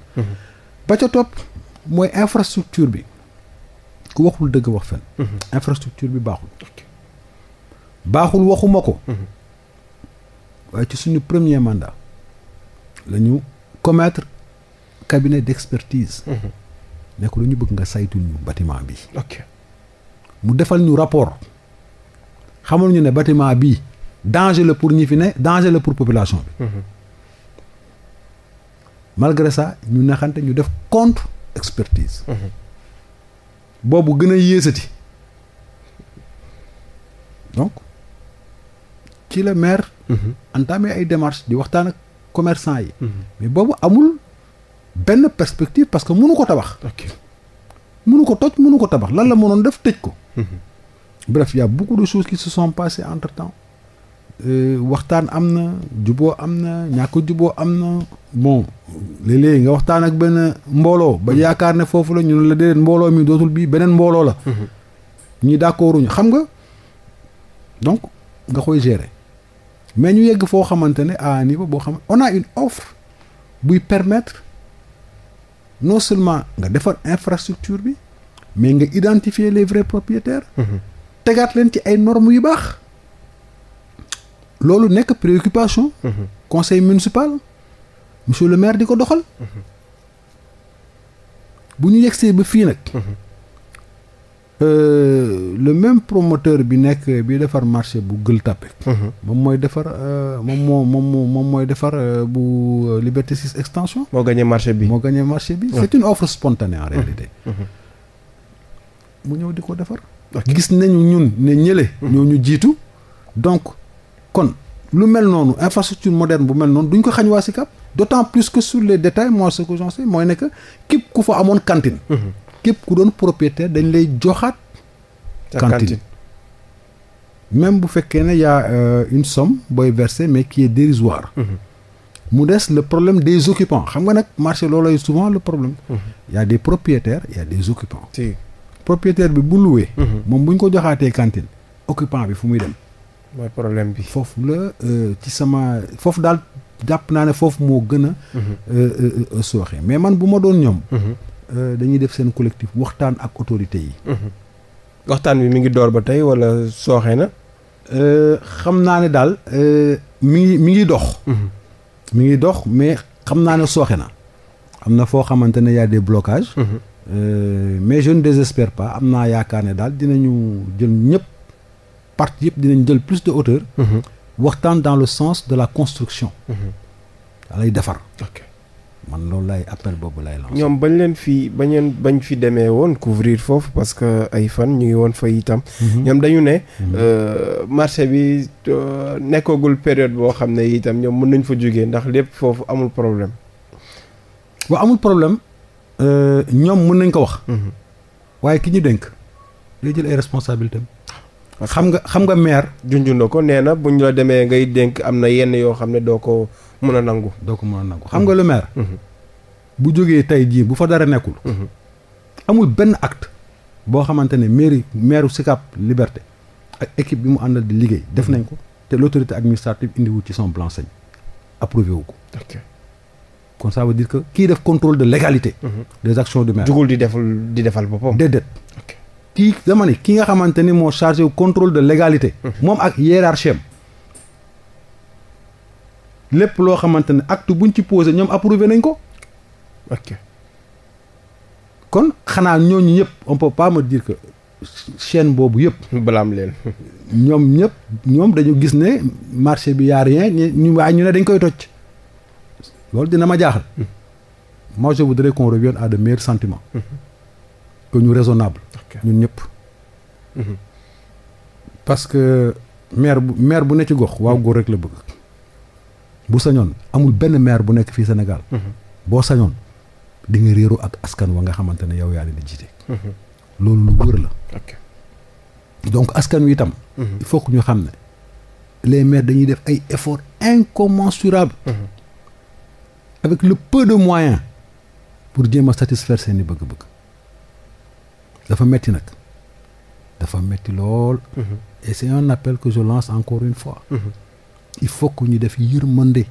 ba ca topp mooy infrastructure bi ku waxul dëgg wax fen infrastructure bi baaxul. baaxul waxuma ko. waaye ci suñu premier mandat la ñu commettre. cabinet d'expertise. Mhm. nekk lu ñu bëgg nga saytu ñu bâtiment bi. ok mu defal ñu rapport xamal ñu ne bâtiment bi danger la pour ñi fi ne danger la pour population bi. Mhm. malgré ñu naxante ñu def contre expertise. Mhm. boobu gën a yéesati donc ci la ay démarches di waxtaan ak commerçant yi. mais boobu amul. benn perspective parce que mënu ko tabax. mënu ko toj mënu ko tabax lan la mënoon def tëj ko. Mhm. bref y' a beaucoup de choses qui se sont passées entre temps. Euh, waxtaan am na juboo am na ñàkk juboo am na bon léeg-léeg nga waxtaan ak benn mbooloo ba mhm. yaakaar ne foofu la ñu ne la déedéet mbooloo mi dootul bii beneen mbooloo la mhm. ñi d'accorduñu xam nga donc nga koy gérer mais ñu yegg foo xamante ne à un boo xam on a une offre buy permettre no seulement nga defar infrastructure bi mais nga identifier les vrais propriétaires mhm. tegaat leen ci ay normes yu baax loolu nekk préoccupation mhm. conseil municipal monsieur le maire di ko doxal mhm. bu ba fii nag Euh, le même promoteur bi nekk bi defar marché bu Gueule Tapée mhm. moom mooy defar euh, moom moo moom moom mooy defar euh, bu Liberté 6 extension moo gagné marché bi moo gagné marché bi c'est une offre spontanée en mhm. réalité mhm. mu ñëw di ko defar gis nañu ñun ne ñële ñoo ñu jiitu donc kon lu mel noonu infrastructure moderne bu mel noonu duñ ko xañ waa Sicap d'autant plus que sur les détails moi ce que j'en sais mooy ne que képp ku fa amoon cantine képp ku doon propriétaire dañ lay joxaat cantine même bu fekkee ne y a euh, une somme booy versée mais qui est dérisoire mhm. mu des la problème des occupants xam nga nag marché loolooy souvent le problème mhm. y a des propriétaires y a occupants si. bi bu loué mhm. moom bu ko joxaatee cantine occupant bi fu muy dem mooy problème bi foofu la euh, ci sama foofu daal jàpp naa ne foofu moo gën a euh, sooxee mais man bu ma doon ñoom Euh, dañuy def seen collectif waxtaan ak autorités yi. Mhm. waxtaan bi mi ngi door ba tey wala sooxee na. Euh, xam naa ne daal euh, mi ngi mi ngi dox. Mhm. mi ngi dox mais xam naa ne sooxe na. am na foo xamante ne y a des blocages. Mhm. mais jeune ne désespère pas am naa yaakaar ne daal dinañu jël ñëpp parti yëpp dinañ jël plus de hauteur. waxtaan dans le sens de la construction. da lay defar. man loolu lay appel boobu lay lancé. ñoom bañ leen fi bañ bañ fi demee woon couvrir foofu parce que ay fan ñu ngi woon fa itam. Mhm. ñoom dañu ne. Mhm. Euh, marché bi euh, nekkagul période boo xam ne itam ñoom mën nañ fa jógee ndax lépp foofu amul problème. waaw amul problème euh, ñoom mën nañ ko wax. Mhm. waaye ki ñu dénk day jël ay responsabilités xam nga xam nga maire. junj na ko nee na bu ñu la demee ngay dénk am na yenn yoo xam ne doo ko mën a nangu. doo ko nangu xam nga le maire. Mhm. bu jógee tey jii bu fa dara nekkul. Mhm. amul benn acte boo xamante ne mairie maire Sicap Liberté ak équipe bi mu àndal di liggéey def nañ ko te l' autorité administrative ci son blanc-seing approuvé wu ko. kon ça dire que kii def contrôle de légalité. Mhm. des actions du maire. jugul di defal di defal boppam. déedéet. kii dama ne ki nga xamante ni moo chargé wu contrôle de légalité. moom ak hiérarchie lépp loo xamante ne acte buñ ci posé ñoom approuvé nañ ko. ok kon xanaa ñooñu yëpp on peut pas me dire que boobu yëpp. balaam ñoom ñëpp ñoom dañu gis ne marché bi yaa rien ñu waaye ñu ne dañ koy toj loolu dina ma jaaxal. Mm. moi bu voudrais qu'on revienne à de meilleurs sentiments. Mm-hmm. que ñu raisonnable. ñun ñëpp. Mm-hmm. parce que maire bu maire bu ne ci gox waaw mm-hmm. góor rek la bëgg. bu sañoon amul benn maire bu nekk fii Sénégal. Mm-hmm. boo sañoon di réeroo ak askan wa nga xamante ne yow yaa leen jiite. loolu lu wër la. donc askan wi itam. il faut ñu xam ne. les maires dañuy def ay efforts incommensurables. avec le peu de moyens pour jéem a satisfaire seeni bëgg-bëgg. dafa metti nag dafa metti lool. Mm-hmm. et c'est un appel que je lance encore fois. Mm-hmm. il faut que ñu def yërmande mën de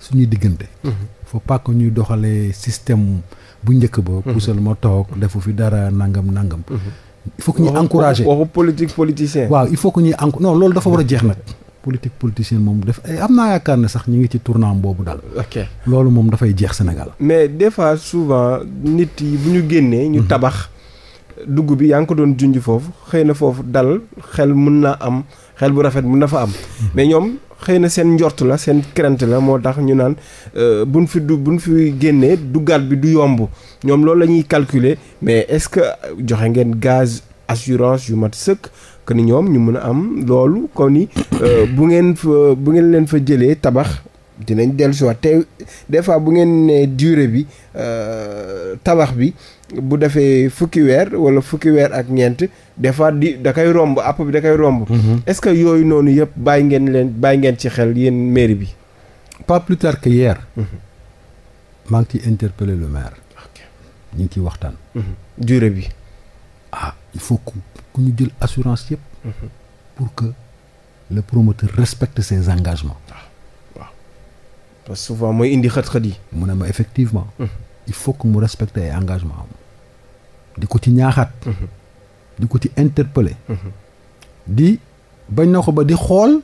suñu diggante mm-hmm. pas que ñuy doxalee système bu njëkk ba. puusal ma toog defu fi dara nangam nangam. il faut que ñuy encourager waxu politique politicienne. waaw il faut que ñuy enco non loolu dafa war a jeex nag. politique politicienne moom def ay eh, am naa yaakaar ne sax ñu ngi ci tournant boobu daal. ok loolu moom dafay jeex senegal mais des souve nit yi bu ñu génnee. ñu tabax. dugg bi yaa ngi ko doon junj foofu xëy na foofu dal xel mun naa am xel bu rafet mun na fa am mais ñoom xëy na seen njort la seen crainte la moo tax ñu naan bu euh, buñ fi du buñ fi génnee duggaat bi du yomb ñoom loolu la ñuy calculer mais est-ce que joxe ngeen gaz assurance yu mat sëkk que ni ñoom ñu mën a am loolu kon ni euh, bu ngeen fa bu ngeen leen fa jëlee tabax dinañ dellusiwaat te des fois bu ngeen nee durée bi euh, tabax bi bu defee fukki weer wala fukki weer ak ñeent des fois di da koy romb app bi da koy romb. Mhm. est-ce que yooyu noonu yëpp bàyyi ngeen leen bàyyi ngeen ci xel yéen mairie bi. pas plus tard que hier. Mhm. maa ngi le maire. ñu ngi ciy waxtaan. Mhm. durée bi. ah il faut que ku ñu jël assurance yëpp. pour que le promoteur respect ses engagements. Ah, waaw waaw souvent mooy indi xët-xët yi. mu ne ma effectivement. il faut que mu respecte ay engagement am di ko ci ñaaxaat mhm. di ko ci interpeller mhm. di bañ na ko ba di xool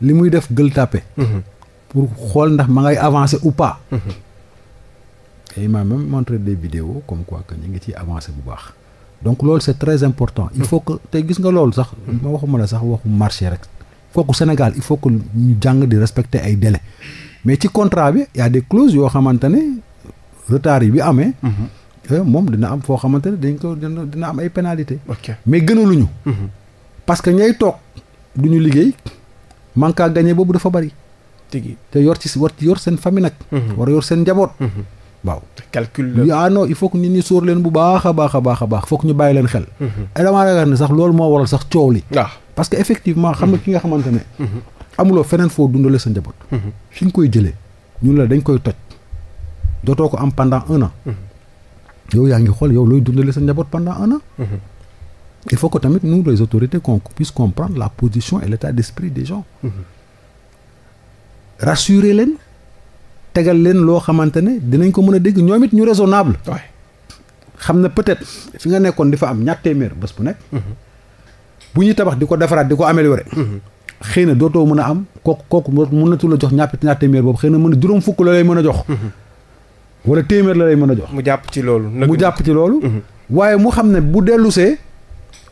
li muy def gël tàppe mhm. pour xool ndax ma ngay avancé ou pas et il des vidéos comme quoi que ñu ngi ciy avancé bu baax donc loolu c'est très important il faut que te gis nga loolu sax ma waxuma la sax waxu marché rek kooku Sénégal il faut que ñu jàng di respecter ay délais mais ci contrat bi y a des yoo xamante retard yi bi amee. Mhm. Euh, moom dina am foo xamante ne dañ ko dina am ay pénalité mais gënaluñu. Mhm. parce que ñay toog du ñu liggéey manque à gagner boobu dafa bari. te yor ci war yor seen famille nag. Mhm. war a yor seen njaboot. waaw calcul la ah non il faut que nit ñi sóor leen bu baax a baax a baax a baax foog ñu bàyyi leen xel. ay damaa ragal ne sax loolu moo waral sax coow li. Ah. parce effectivement xam nga ki nga xamante ne. amuloo feneen foo dundale sa njaboot. fi nga koy jëlee ñun la dañ koy toj. dootoo ko am pendant un an. yow yaa ngi xool yow looy dundale sa njaboot pendant un an. Mhm. il faut que tamit nous les autorités qu'on puisse comprendre la position et l'état d'esprit des gens. Mhm. rassurer leen tegal leen loo xamante ne dinañ ko mën a dégg ñoom it ñu raisonnable. xam na peut-être fi nga nekkoon di fa am ñaar téeméer bés bu nekk. Mhm. bu ñuy tabax di ko defaraat di ko améliorer. xëy na dootoo mën a am kooku kooku mënatu la jox ñaar ñaar téeméer boobu xëy na mën a juróom fukk la lay mën a jox. wala téeméer la lay mën a jox. mu jàpp ci loolu. mu jàpp ci loolu. Mhm. waaye mu xam ne bu dellusee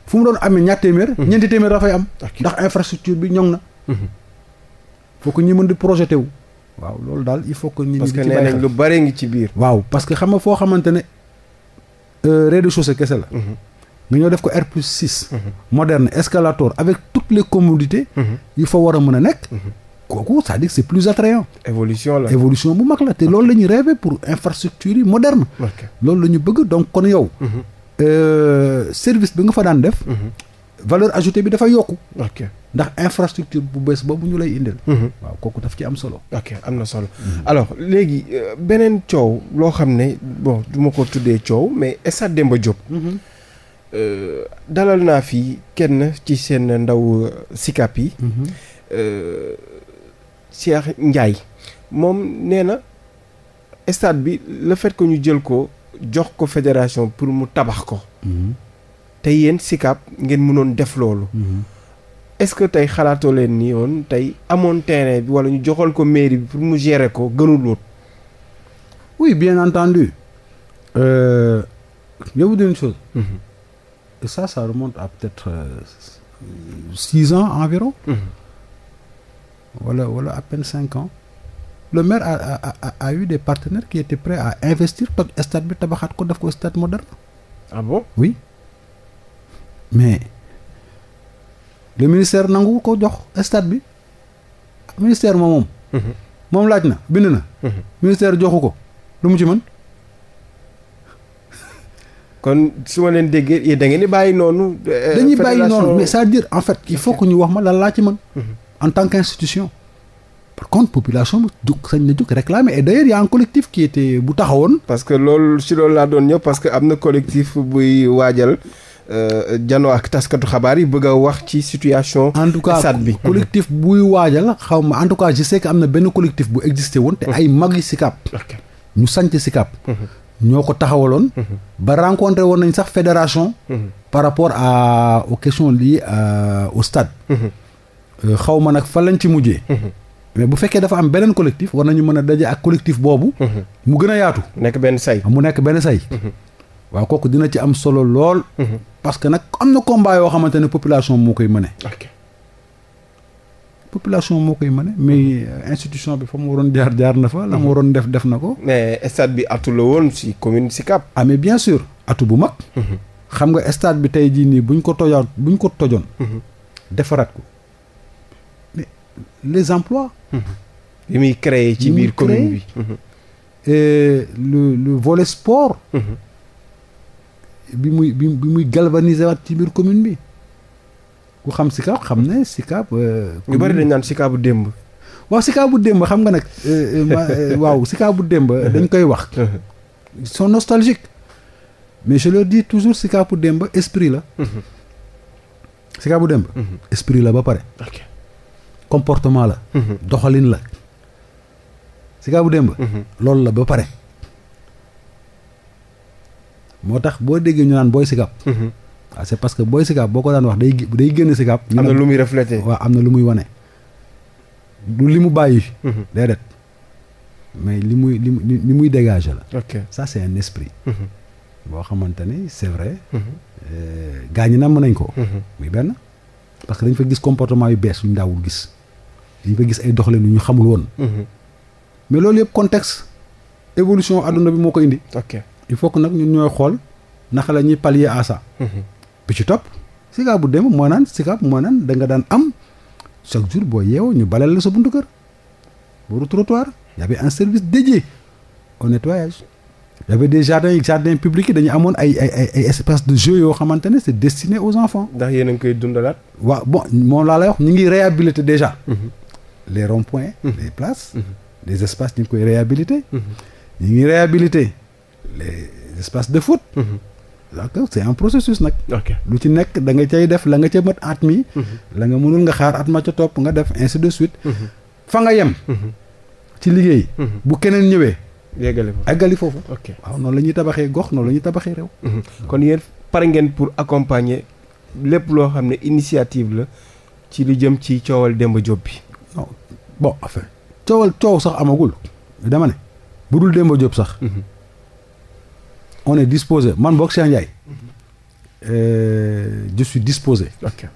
fu mu doon amee ñaar téeméer. Mhm. ñeenti téeméer dafay am. ndax infrastructure bi ñoŋ na. Mhm. faut que ñu mën di projeté wu. waaw loolu daal il faut que nit ñi di ci bàyyi ngi ci biir. waaw parce que xam nga foo xamante ne euh, rez de kese la. nga ñoo def ko R plus 6. moderne escalator avec toutes les commodités. yi fa war a mën a nekk. kooku sa à dire c'est plus attrayant. évolution la évolution bu mag la te loolu la ñuy rêvé pour infrastructure yi moderne. loolu la ñu bëgg donc kon yow. Mhm. Euh, service bi nga fa daan def. Mhm. valeur ajoutée bi dafa yokku. ndax infrastructure bu bees boobu ñu lay indil. Mhm. waaw kooku daf ci am solo. ok am na solo alors léegi euh, beneen coow loo xam ne bon du ma ko tuddee coow mais Stade Demba Diop. Euh, dalal naa fi kenn ci seen ndaw sikap yi. Cheikh Ndiaye moom nee na stade bi le fait ko ñu jël ko jox ko fédération pour mu tabax ko. Mhm. te yéen SICAP ngeen mënoon def loolu. Mhm. est-ce que tey xalaatoo leen ni yoon tey amoon terrain bi walla ñu joxal ko mairie bi pour mu gérer ko gënul woon. oui bien entendu. Euh, je vous chose. Mm -hmm. et ça ça euh, ans environ. Mhm. wala wala à peine cinq ans le maire a a a, a eu des partenaires qui étaient prêts à investir toj stade bi tabaxaat ko def ko stade moderne. ah bon oui mais le ministère nangu ko jox stade bi ministère moom moom. moom laaj na bind na. Mhm. ministère joxu ko lu mu ci mën. kon su ma leen déggee da ngeen di bàyyi noonu. Euh, dañuy bàyyi noonu mais cest en fait il faut ñu wax ma lan laa ci mën. Mhm. en tant qu'institution par contre population bi jug sañ na jug réclamer et d'ailleurs y a un collectif qui bu taxawoon. parce que loolu si loolu laa doon ñëw parce que am na collectif buy waajal euh, janoo ak taskatu xabaar yi bëgg a wax ci situation. en tout cas bi collectif buy waajal xaw ma en tout cas je sais que am na benn collectif bu existé woon. te ay mag yi Sicap. ñu sanc Sicap. Mhm. ñoo ko taxawaloon. Mhm. ba rencontré woon nañ sax fédération. Mhm. par rapport à aux questions liées euh, Euh, xaw ma nag fan lañ ci mujjee. Mhm. mais bu fekkee dafa am beneen collectif war nañu mën a daje ak collectif boobu. Mhm. mu gën a yaatu. nekk benn say mu nekk benn say. Mhm. waaw kooku dina ci am solo lool. parce que nag am na combat yoo xamante ne population moo koy mëne. population moo koy mëne mais institution bi fa mu waroon jaar jaar na fa. la mu waroon def def na ko. mais stade bi atula woon si commune Sicap. ah amee bien sûr atu bu mag. xam nga stade bi tey jii nii buñ ko tojaat buñ ko tojoon. defaraat les emplois. bi mm-hmm. muy créer ci biir commune bi. Mm-hmm. le le volet mm-hmm. bi muy bi muy ci biir commune bi ku xam si Sicap xam ne Sicap. Euh, ñu bari dañ naan Sicap bu démb. waaw Sicap bu démb xam nga nag euh, euh, waaw Sicap bu démb dañ koy wax. ils sont mais je di toujours Sicap bu démb esprit la. Sicap bu démb. esprit la ba pare. comportement la. Mhm. doxalin la. si kaa bu démb. Mhm. loolu la ba pare. moo tax boo déggee ñu naan booy sikap. Mhm. waaw c'est parce que booy sikap boo ko daan wax day day génn sikap. am na lu muy reflété waaw am na lu muy wane. li mu bàyyi. déedéet mais li muy li muy li muy dégagé la. ok ça c'est un esprit. boo xamante ni c'est vrai. Euh, gaañ nañ ko. muy benn parce que dañ fa gis comportement yu bees yu ñu gis. dañ fa gis ay doxalin yu ñu xamul woon. Mhm. mais loolu yëpp contexte évolution adduna bi moo ko indi. ok il faut que nag ñun ñooy xool naka la ñuy pallier à ça. Mhm. bi ci topp Sicap dem moo naan Sicap moo naan da nga daan am chaque jour boo yeewoo ñu balal la sa buntu kër. booru trottoir y avait un service dédié au nettoyage. y avait des jardins yi jardins dañu amoon ay ay ay espace de jeu yoo xamante ne c'est destiné aux enfants. ndax yéen a ngi koy dundalaat. waaw bon moom laa lay wax les ronds-points. Mhm. les places. Mhm. les espaces ñu ngi koy réhabiliter. Mhm. ñu ngi réhabiliter les espaces de foot. donc c' est un processus nag. lu ci nekk da nga cay def la nga ca mat at mi. la nga mënul nga xaar at ma ca topp nga def ainsi de suite. fa nga yem. ci liggéey. bu keneen ñëwee. yeggali foofu eggali foofu. waaw noonu la ñuy tabaxee gox noonu la ñuy tabaxee réew. kon yéen pare ngeen pour accompagner lépp loo xam ne initiative la ci lu jëm ci coowal Demba Diop bi. bon enfin coowal coow sax amagul dama ne bu dul Demba Diop sax. Mhm. on est disposé man boog Cheikh Ndiaye. Mhm. Euh, je suis disposé. ok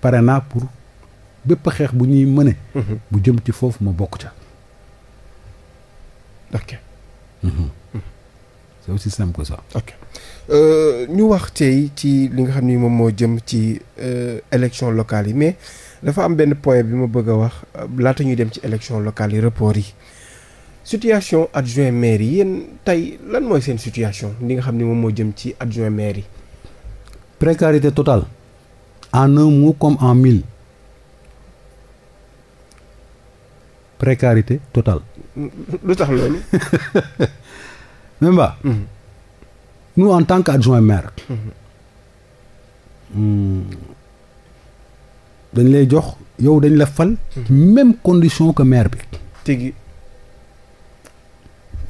pare naa pour bépp xeex bu ñuy mëne. Mhm. bu jëm ci foofu ma bokk ca. ok. c'est aussi simple que ça. Euh, ñu wax tey ci li nga xam ni moom moo jëm ci euh, élection locale yi mais. dafa am benn point bi ma bëgg a wax euh, laata ñuy dem ci élection locale yi report yi situation adjoint maire yi yéen tey lan mooy seen situation li nga xam ni moom moo jëm ci adjoint maire yi. précarité totale comme en mille précarité totale. lu tax loolu. même ba. en tant qu'adjoint maire. dañ lay jox yow dañ la fal. même condition que maire bi. tigi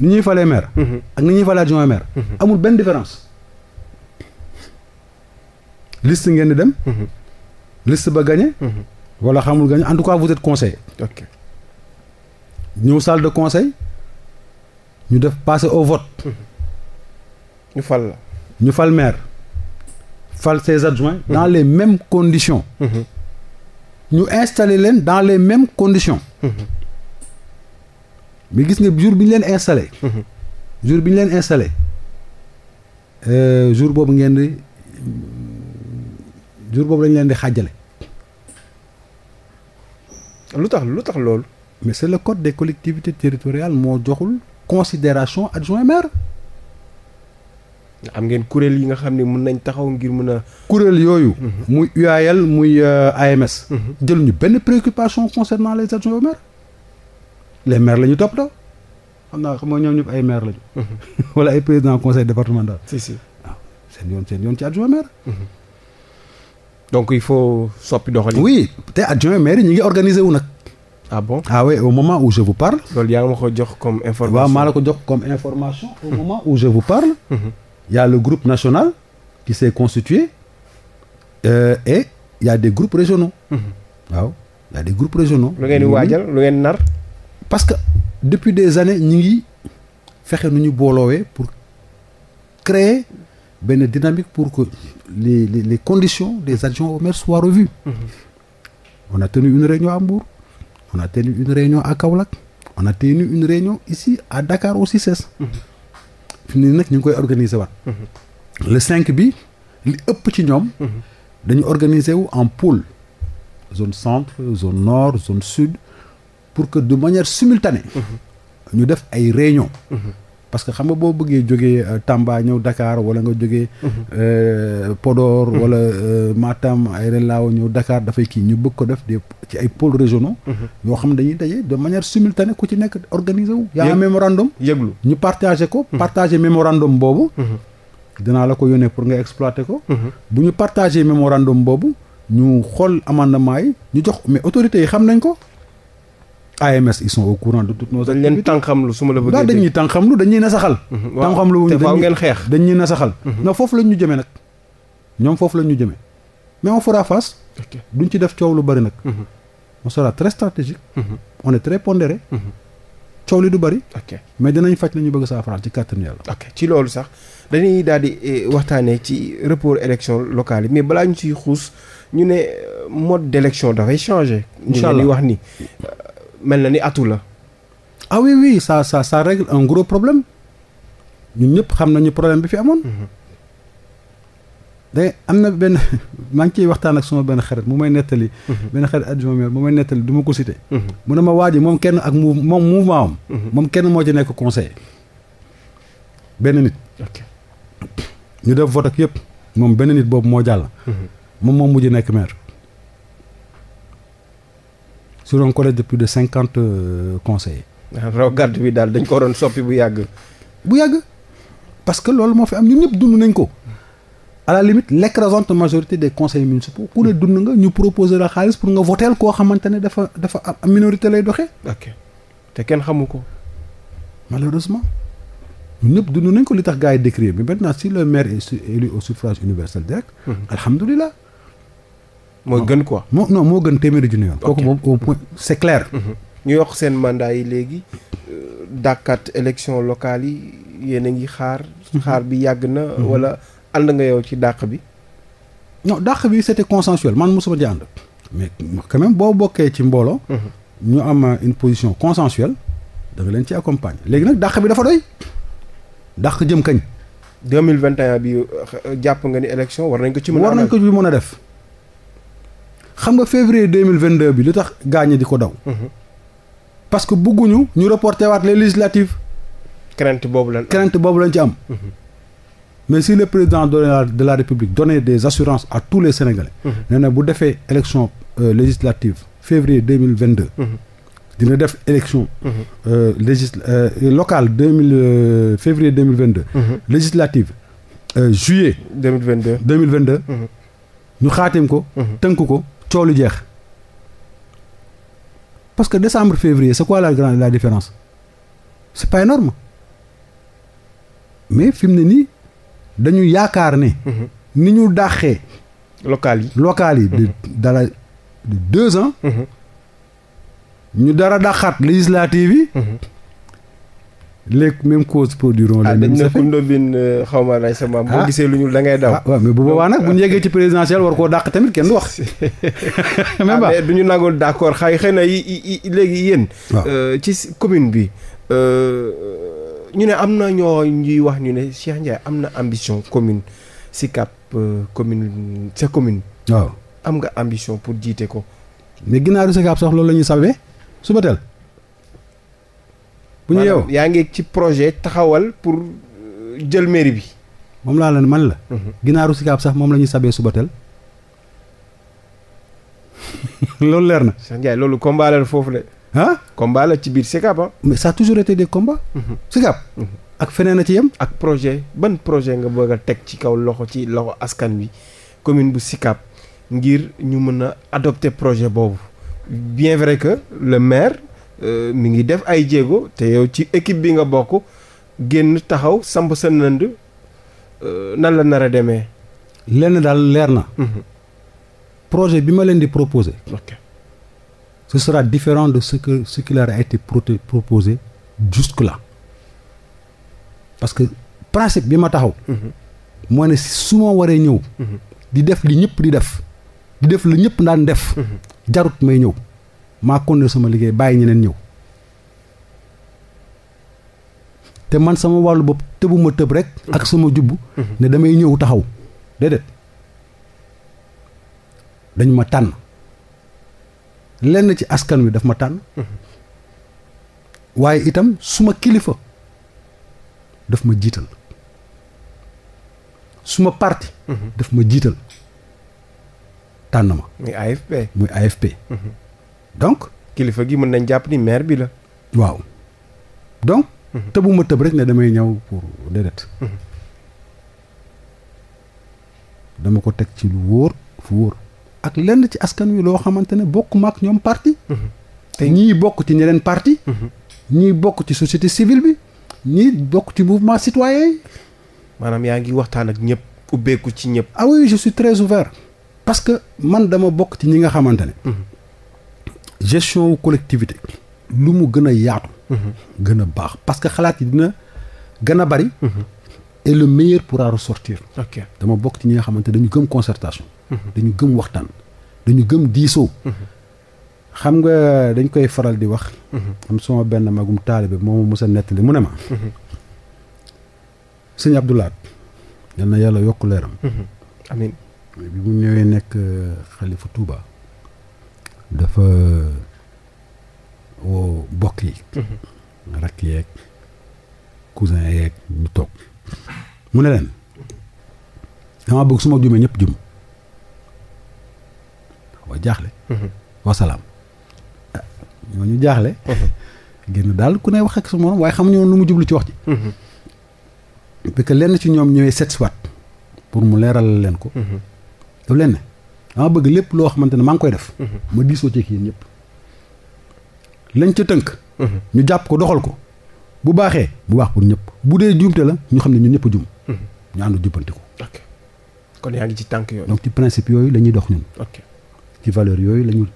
ni ñuy falee maire. Mhm. ak ni ñuy falee adjoint maire. Mhm. amul benn différence. liste ngeen di dem. Mhm. liste ba gagné. wala xamul gagné en tout cas vous êtes conseil. ok ñëw de conseil ñu def passer au vote. ñu fal la. ñu fal maire fal ses adjoints. dans les mêmes conditions. ñu installer leen dans les mêmes conditions. Mm-hmm. mais gis nga jour bi ñu leen installé. Mm-hmm. jour bi ñu leen installé euh, jour boobu ngeen di jur boobu lañ leen di xaajale. lu tax lu tax loolu. mais c'est le code des collectivités territoriales moo joxul considération adjoint maire. am ngeen kuréel yi nga xam ne mun nañ taxaw ngir mun a. kuréel yooyu. Mhm. muy UAL muy euh, AMS. Mhm. jëluñu benn préoccupation concernant les adjoints au maire les maires lañu ñu toppatoo xam naa xam nga ñoom ñëpp ay maire lañu. Mhm. wala ay président conseil départemental. si si waaw seen yoon seen yoon ci adjoint maire. donc il faut soppi doxalin. oui te adjoint maire yi ñu ngi organiser wu nag. ah bon ah oui au moment où je vous parle. loolu yaa ngi ma ko jox comme information. ko jox comme information. au moment où il y le groupe national qui s'est constitué euh, et il des groupes régionaux. Mm-hmm. waaw il y a des groupes régionaux. lu ngeen di waajal lu ngeen nar. parce que depuis des années ñi ngi fexe nu ñu booloowee pour créer benn dynamique pour que les les, les conditions des adjoints au maire soient mm-hmm. on a tenu une réunion à Mbour on a tenu une réunion à Kaolack on a tenu une réunion ici à Dakar au CICES. Mm-hmm. fi nii nag ñu ngi koy organiser waat. Mhm. le cinq bi li ëpp ci ñoom. Mhm. dañu organiser wu en poule zone centre zone nord zone sud pour que de manière simultanée. Mhm. ñu def ay réunions. parce que xam nga boo bëggee jógee euh, Tamba ñëw Dakar wala nga jógee. Mhm. Euh, Podor mhm. wala euh, Matam ay relaaw ñëw Dakar dafay kii ñu bëgg ko def des ci ay pôles régionaux. Mhm. yoo xam ne dañuy daje de manière simultanée ku ci nekk organisé yaa mémorandum yëglu ñu partagé ko. partagé mémorandum boobu. dinaa la ko yónnee pour nga exploiter ko. bu ñu partagé mémorandum boobu ñu xool amendement yi ñu jox mais autorités yi xam nañ ko. AMS ils sont au courant de toutes nos activités. dañ leen tànqamlu su ma la bëggee. waaw dañuy nasaxal. Mhm. waaw ngeen xeex. dañuy nasaxal. Mhm. non foofu lañ ñu jëmee nag ñoom foofu lañ ñu jëmee mais on fera face. duñ ci def coow lu bari nag. Mhm. on sera très stratégique. on est très pondéré. coow li du bari. mais dinañ faj nañu bëgg saafaraal ci kàttanu yàlla. ok ci loolu sax dañuy daal di eh, waxtaanee ci report élection locale yi mais balaa ñu ciy xuus ñu ne euh, mode d' élection dafay changé. incha allah wax ni. mel na ni atout la. ah oui sa sa ça ça un gros problème ñun ñëpp xam nañu problème bi fi amoon. Mhm. da am na benn maa ciy waxtaan ak suma benn xarit mu may nettali. Mhm. benn xarit adjoint maire mu may nettali du ma ko cité. Mhm. mu ne ma waa ji moom kenn ak mu moom mouvement moom kenn moo ci nekk conseiller. benn nit. yëpp moom benn nit boobu moo jàll. moom mujj nekk maire. sur un collège de plus de cinquante euh, conseillers. raw gàddu bi daal dañ koo waroon soppi bu yàgg. bu yàgg parce que loolu moo fi am ñun ñëpp dund nañ ko. à la limite l'écrasante majorité des conseils municipaux ku ne dund nga ñu proposer la xaalis pour nga voteel koo xamante ne dafa dafa am minorité lay doxe ok te kenn xamu ko. malheureusement. ñun ñëpp dund nañ ko li tax gars yi décrire mais maintenant si le maire est élu au suffrage universel direct. alhamdulilah. moo gën ko moo non moo gën téeméeri junni yoon. kooku moom au point c'est mhm. ñu yokk seen mandat yi léegi euh, dàkkaat élection locale yi yéen a ngi xaar. Mhm. xaar bi yàgg na. Mhm. wala ànd nga yow ci dàq bi. non dàq bi c'était consensuel man mosuma di ànd. mais quand boo bokkee ci mbooloo. ñu am une position consensuelle. da nga leen ci accompagner léegi nag dàq bi dafa doy. dàq jëm kañ. deux mille vingt bi euh, jàpp nga ni élection war nañ war nañ ko ci mën a def. xam nga février deux mille vingt deux bi lu tax gaañe di ko daw. Mhm. parce que bugguñu ñu reporté waat les législatives. crainte boobu lañ crainte boobu lañ ci am. Mhm. mais si le président de la la république donnait des assurances à tous les sénégalais. Mhm. nee bu defee élection euh, législative février deux mille vingt deux. dina def élection. Euh, légis euh, locale deux mille février deux mille vingt deux. législative juillet. deux mille vingt deux mille vingt deux. ñu xaatim ko. tënk ko. coow lu que décembre février c'est quoi la grande la différence c'est pas énorme mais fi ne nii dañu yaakaar ne. Mhm. ni ñu dàqee. local yi local yi. Mhm. Mhm. dara dàqaat législative yi. les mêmes causes produiront les ah, mêmes effets. ah xaw ma nay sama boo ah. gisee lu ñuul da ngay daw. waaw ah, bu boobaa nag bu ñu yeggee ci présidentiel war koo dàq tamit kenn du wax. même ñu nangul d' accord xay xëy na léegi yéen. Euh, ci commune bi. Euh, ñu ne am na ñoo ñuy wax ñu ne Cheikh am na ambition commune Sicap commune sa commune. waaw am nga ambition pour jiite ko. mais ginnaaru Sicap sax loolu la ñuy sabee suba teel. bu ñu yeewoo yaa ngi ci projet taxawal pour euh, jël mairie bi. moom laa leen man la. Mhm. ginaaru sikaab sax moom la ñuy suba subatel loolu leer na. Cheikh Ndiaye loolu combat foofu de. ah combat ci biir sikaab ah. mais ça a toujours été des combats. Mhm. sikaab. Mhm. ak feneen a ci yem. ak projet ban projet nga bëgg a teg ci kaw loxo ci loxo askan wi commune bu sikaab ngir ñu mën a adopter projet boobu bien vrai que le maire. Euh, mi ngi def ay jéego te yow ci équipe bi nga bokk génn taxaw samp sa nënd euh, nan la nar a demee. lenn daal leer na. Mhm. projet bi ma leen di proposer. ok ce sera différent de ce que ce qui proposé jusque la parce que principe bi ma taxaw. Mhm. mooy ne su ma waree ñëw. Mhm. di def li ñëpp di def. di def lu ñëpp daan def. jarut may ñëw. maa continuer sama liggéey bàyyi ñeneen ñëw te man sama wàllu bopp tëbuma tëb rek ak sama jubb mhm. ne damay ñëw taxaw déedéet dañu ma tànn lenn ci askan wi daf ma tànn mhm. waaye itam suma kilifa daf ma jiital suma parti mhm. daf ma jiital tànn ma muy AFP donc. kilifa gi mën nañ jàpp ni maire bi la. waaw donc. Mhm. te bu ma tëb rek ne damay ñëw pour déedéet. Mhm. dama ko teg ci lu wóor fu wóor. ak lenn ci askan wi loo xamante ne bokk ma ak ñoom parti. Mhm. te ñii bokk ci ñeneen parti. ñii bokk ci société civile bi. ñii bokk ci mouvement citoyen yi. maanaam yaa ngi waxtaan ak ñëpp ubbeeku ci ñëpp. ah oui très ouvert. parce que man dama bokk ci ñi nga xamante gestion collectivité lu mu gën a yaatu. Mhm. gën a baax parce que xalaat yi dina gën a bari. Mhm. et le meilleur pourra ressortir. ok dama bokk ci ñi nga xamante dañu gëm concertation. Mhm. dañu gëm waxtaan dañu gëm diisoo. xam nga dañ koy faral di wax. am sama benn magum taalibe moo ma mës a nettali mu ne ma. sëñ Abdoulaat yal na yàlla yokk leeram. bi mu ñëwee nekk xalifa Touba. dafa woo bokk yi. Mm-hmm. rakk yeeg cousin yeeg ñu toog mu ne leen dama bëgg su ma jumee ñëpp jum waa jaaxle. Mm-hmm. wa salaam. ah jaaxle. Mm-hmm. génn daal ku ne wax ak sa morom waaye xamuñu woon lu mu jublu ci wax ji. parce que lenn ci ñoom ñëwee sept soit pour mu leeral leen ko. daf leen dama bëgg lépp loo xamante ne maa ngi koy def. Mhm. ma diisoo ci yéen ñëpp. lañ ca tënk. Mhm. ñu jàpp ko doxal ko. bu baaxee bu waax pour ñëpp bu dee juumte la ñu xam ne ñun ñëpp a juum. Mhm. ñu ànd jubbanti ko. ok kon yaa ngi ci tànk yoon donc ci principe yooyu la ñuy dox ñun. ci valeur yooyu la ñu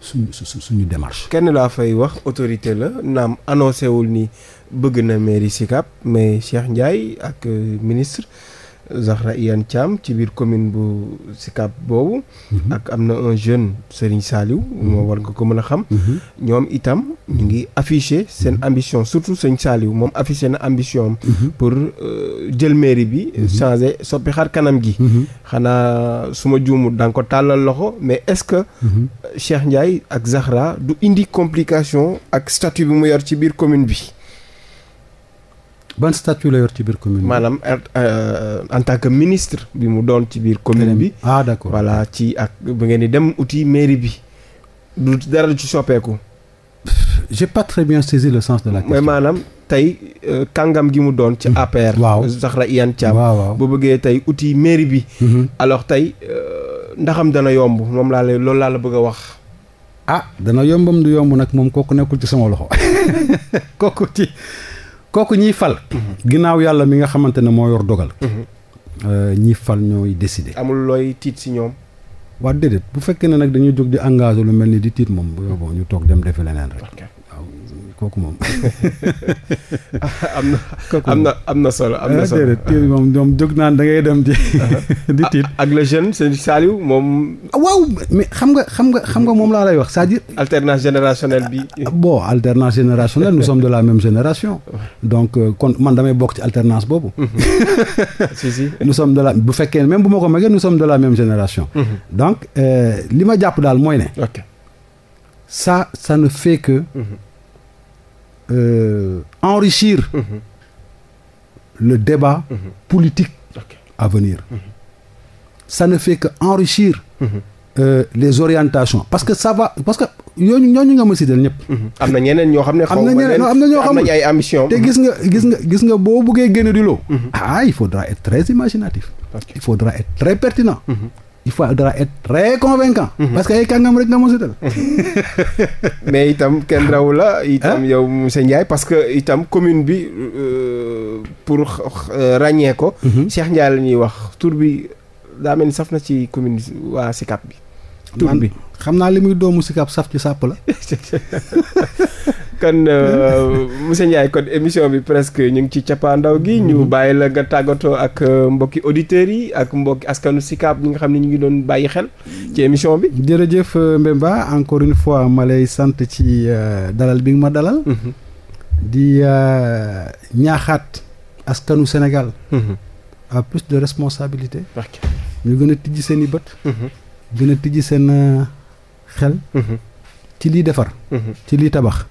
su suñu suñu démarche. kenn laa fay wax autorité la naam annoncé wul ni bëgg na mairie Sicap mais Cheikh Ndiaye ak euh, ministre. Zahra Iyane Thiam ci biir commune bu Sicap boobu. Mhm. ak am na un jeune Serigne Saliou. Mhm. moo war nga ko mën a xam. Mhm. ñoom itam ñu ngi affiché seen ambition surtout Serigne Saliou moom affiché na ambition am. pour euh, jël mairie bi. changer soppi xar kanam gi. xanaa su ma juumu da ko tàllal loxo mais est-ce que. Cheikh Ndiaye ak Zahra du indi complication ak statut bi mu yor ci biir commune bi. ban statut la yor ci biir commune bi. maanaam euh, en tant que ministre bi mu doon ci biir commune bi. ah d'accord voilà ci ak ba ngeen di dem outil mairie bi du dara du ci soppeeku. je pas très le sens de la question. mais maanaam tey euh, kàngam gi mu doon ci hmm. APR. waaw Zahra Iyane Thiam. waaw bu bëggee tey outil mairie bi. Hmm. alors tey euh, ndaxam dana yomb moom laa lay loolu laa la bëgg a wax. ah dana yombam du yomb nag moom kooku nekkul ci sama loxo kooku ci. kooku ñiy fal. ginnaaw yàlla mi nga xamante ne moo yor dogal. Euh, ñi fal ñooy désidé amul looy tiit si ñoom. waa déedéet bu fekkee ne nag dañuy jóg di engagé lu mel ni di tiit moom bu ñu toog dem defe leneen rek. kooku moom. am na am na am na solo am na solo ah, déedéet moom moom jóg naan da ngay dem di. di tiit ak le jeune sëñ Saliou moom. Ah, waaw mais xam nga xam nga xam nga moom laa lay wax c'est-à-dire. alternance générationnelle bi. Ah, bon alternance générationnelle nous sommes de la même génération. donc euh, kon man damay bokk ci alternance boobu. Mhm. si si nous sommes de la bu fekkee même bu ma ko magee nous sommes de la même génération. Mhm. donc euh, li ma jàpp daal mooy ne. ça ça ne fait que. Mhm. euh, enrichir mhm. le débat mmh. politique okay. à venir. Mmh. Ça ne fait qu'enrichir mhm. euh, les orientations parce que ça va parce que yooñu ñooñu nga ma si del ñëpp. Mhm. am na ñeneen ñoo xam ne. xaw ma leen am na ñoo xam ne ay ambition. te gis nga gis nga gis nga boo bëggee génne du loo. ah il faudra être très imaginatif. Okay. il faudra être très pertinent. il faudra être très convaincant. Mhm. parce que ay kàngam rek nga mos a mais itam kenn ah. raw la. itam ah. yow monsieur Ndiaye parce que itam commune bi euh, pour euh, ràññee ko. Mhm. Cheikh Ndiaye la ñuy wax tour bi daa mel ni saf na ci commune waa Sicap bi. tur bi xam naa li muy doomu Sicap saf ci sàpp la. kon euh, monsieur Ndiaye kon émission bi presque ñu ngi ci cappaandaw gi. Mm-hmm. ñu bàyyi la nga tàggatoo ak euh, mbokki auditeurs yi ak mbokki askanu Sicap ñi nga xam ne ñu ngi doon bàyyi xel ci émission bi. jërëjëf euh, Mbemba encore une fois ma lay sant ci dalal bi nga ma dalal. Mm-hmm. di ñaaxaat askanu Sénégal. Mm-hmm. à plus de responsabilité. ñu gën a tijj seen i bët. gën a tijji seen xel. ci lii defar. ci lii tabax.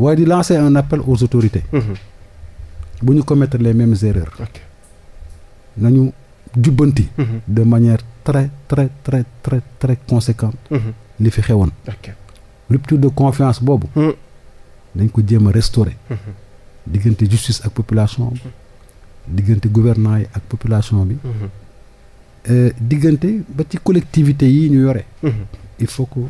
waaye di lancer un appel aux autorités. Mhm. bu ñu commettre les mêmes erreurs. nañu jubbanti. Mhm. de manière très très très très très conséquente. Mhm. fi xewoon. rupture de confiance boobu. dañ ko jéem a restaurer. diggante justice ak population diggante gouvernants yi ak population bi. Euh, diggante ba ci collectivités yi ñu yore. il faut que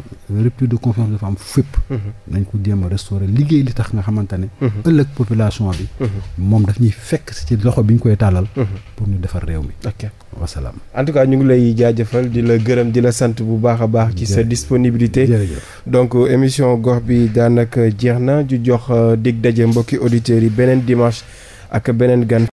rupture de confiance dafa am fépp mhm. nañ ko jéem a liggéey li tax nga xamante ne mhm. ëllëg population bi mhm. moom daf ñuy fekk ci loxo bi ñu koy tàllal pour ñu defar réew mi ok wasalaam en tout cas ñu ngi lay jaajëfal di la gërëm di la sant bu baax a baax ci sa disponibilité donc euh, émission gox bi daanaka jeex na ju jox euh, dig daje mbokki auditeurs yi beneen dimanche ak beneen gan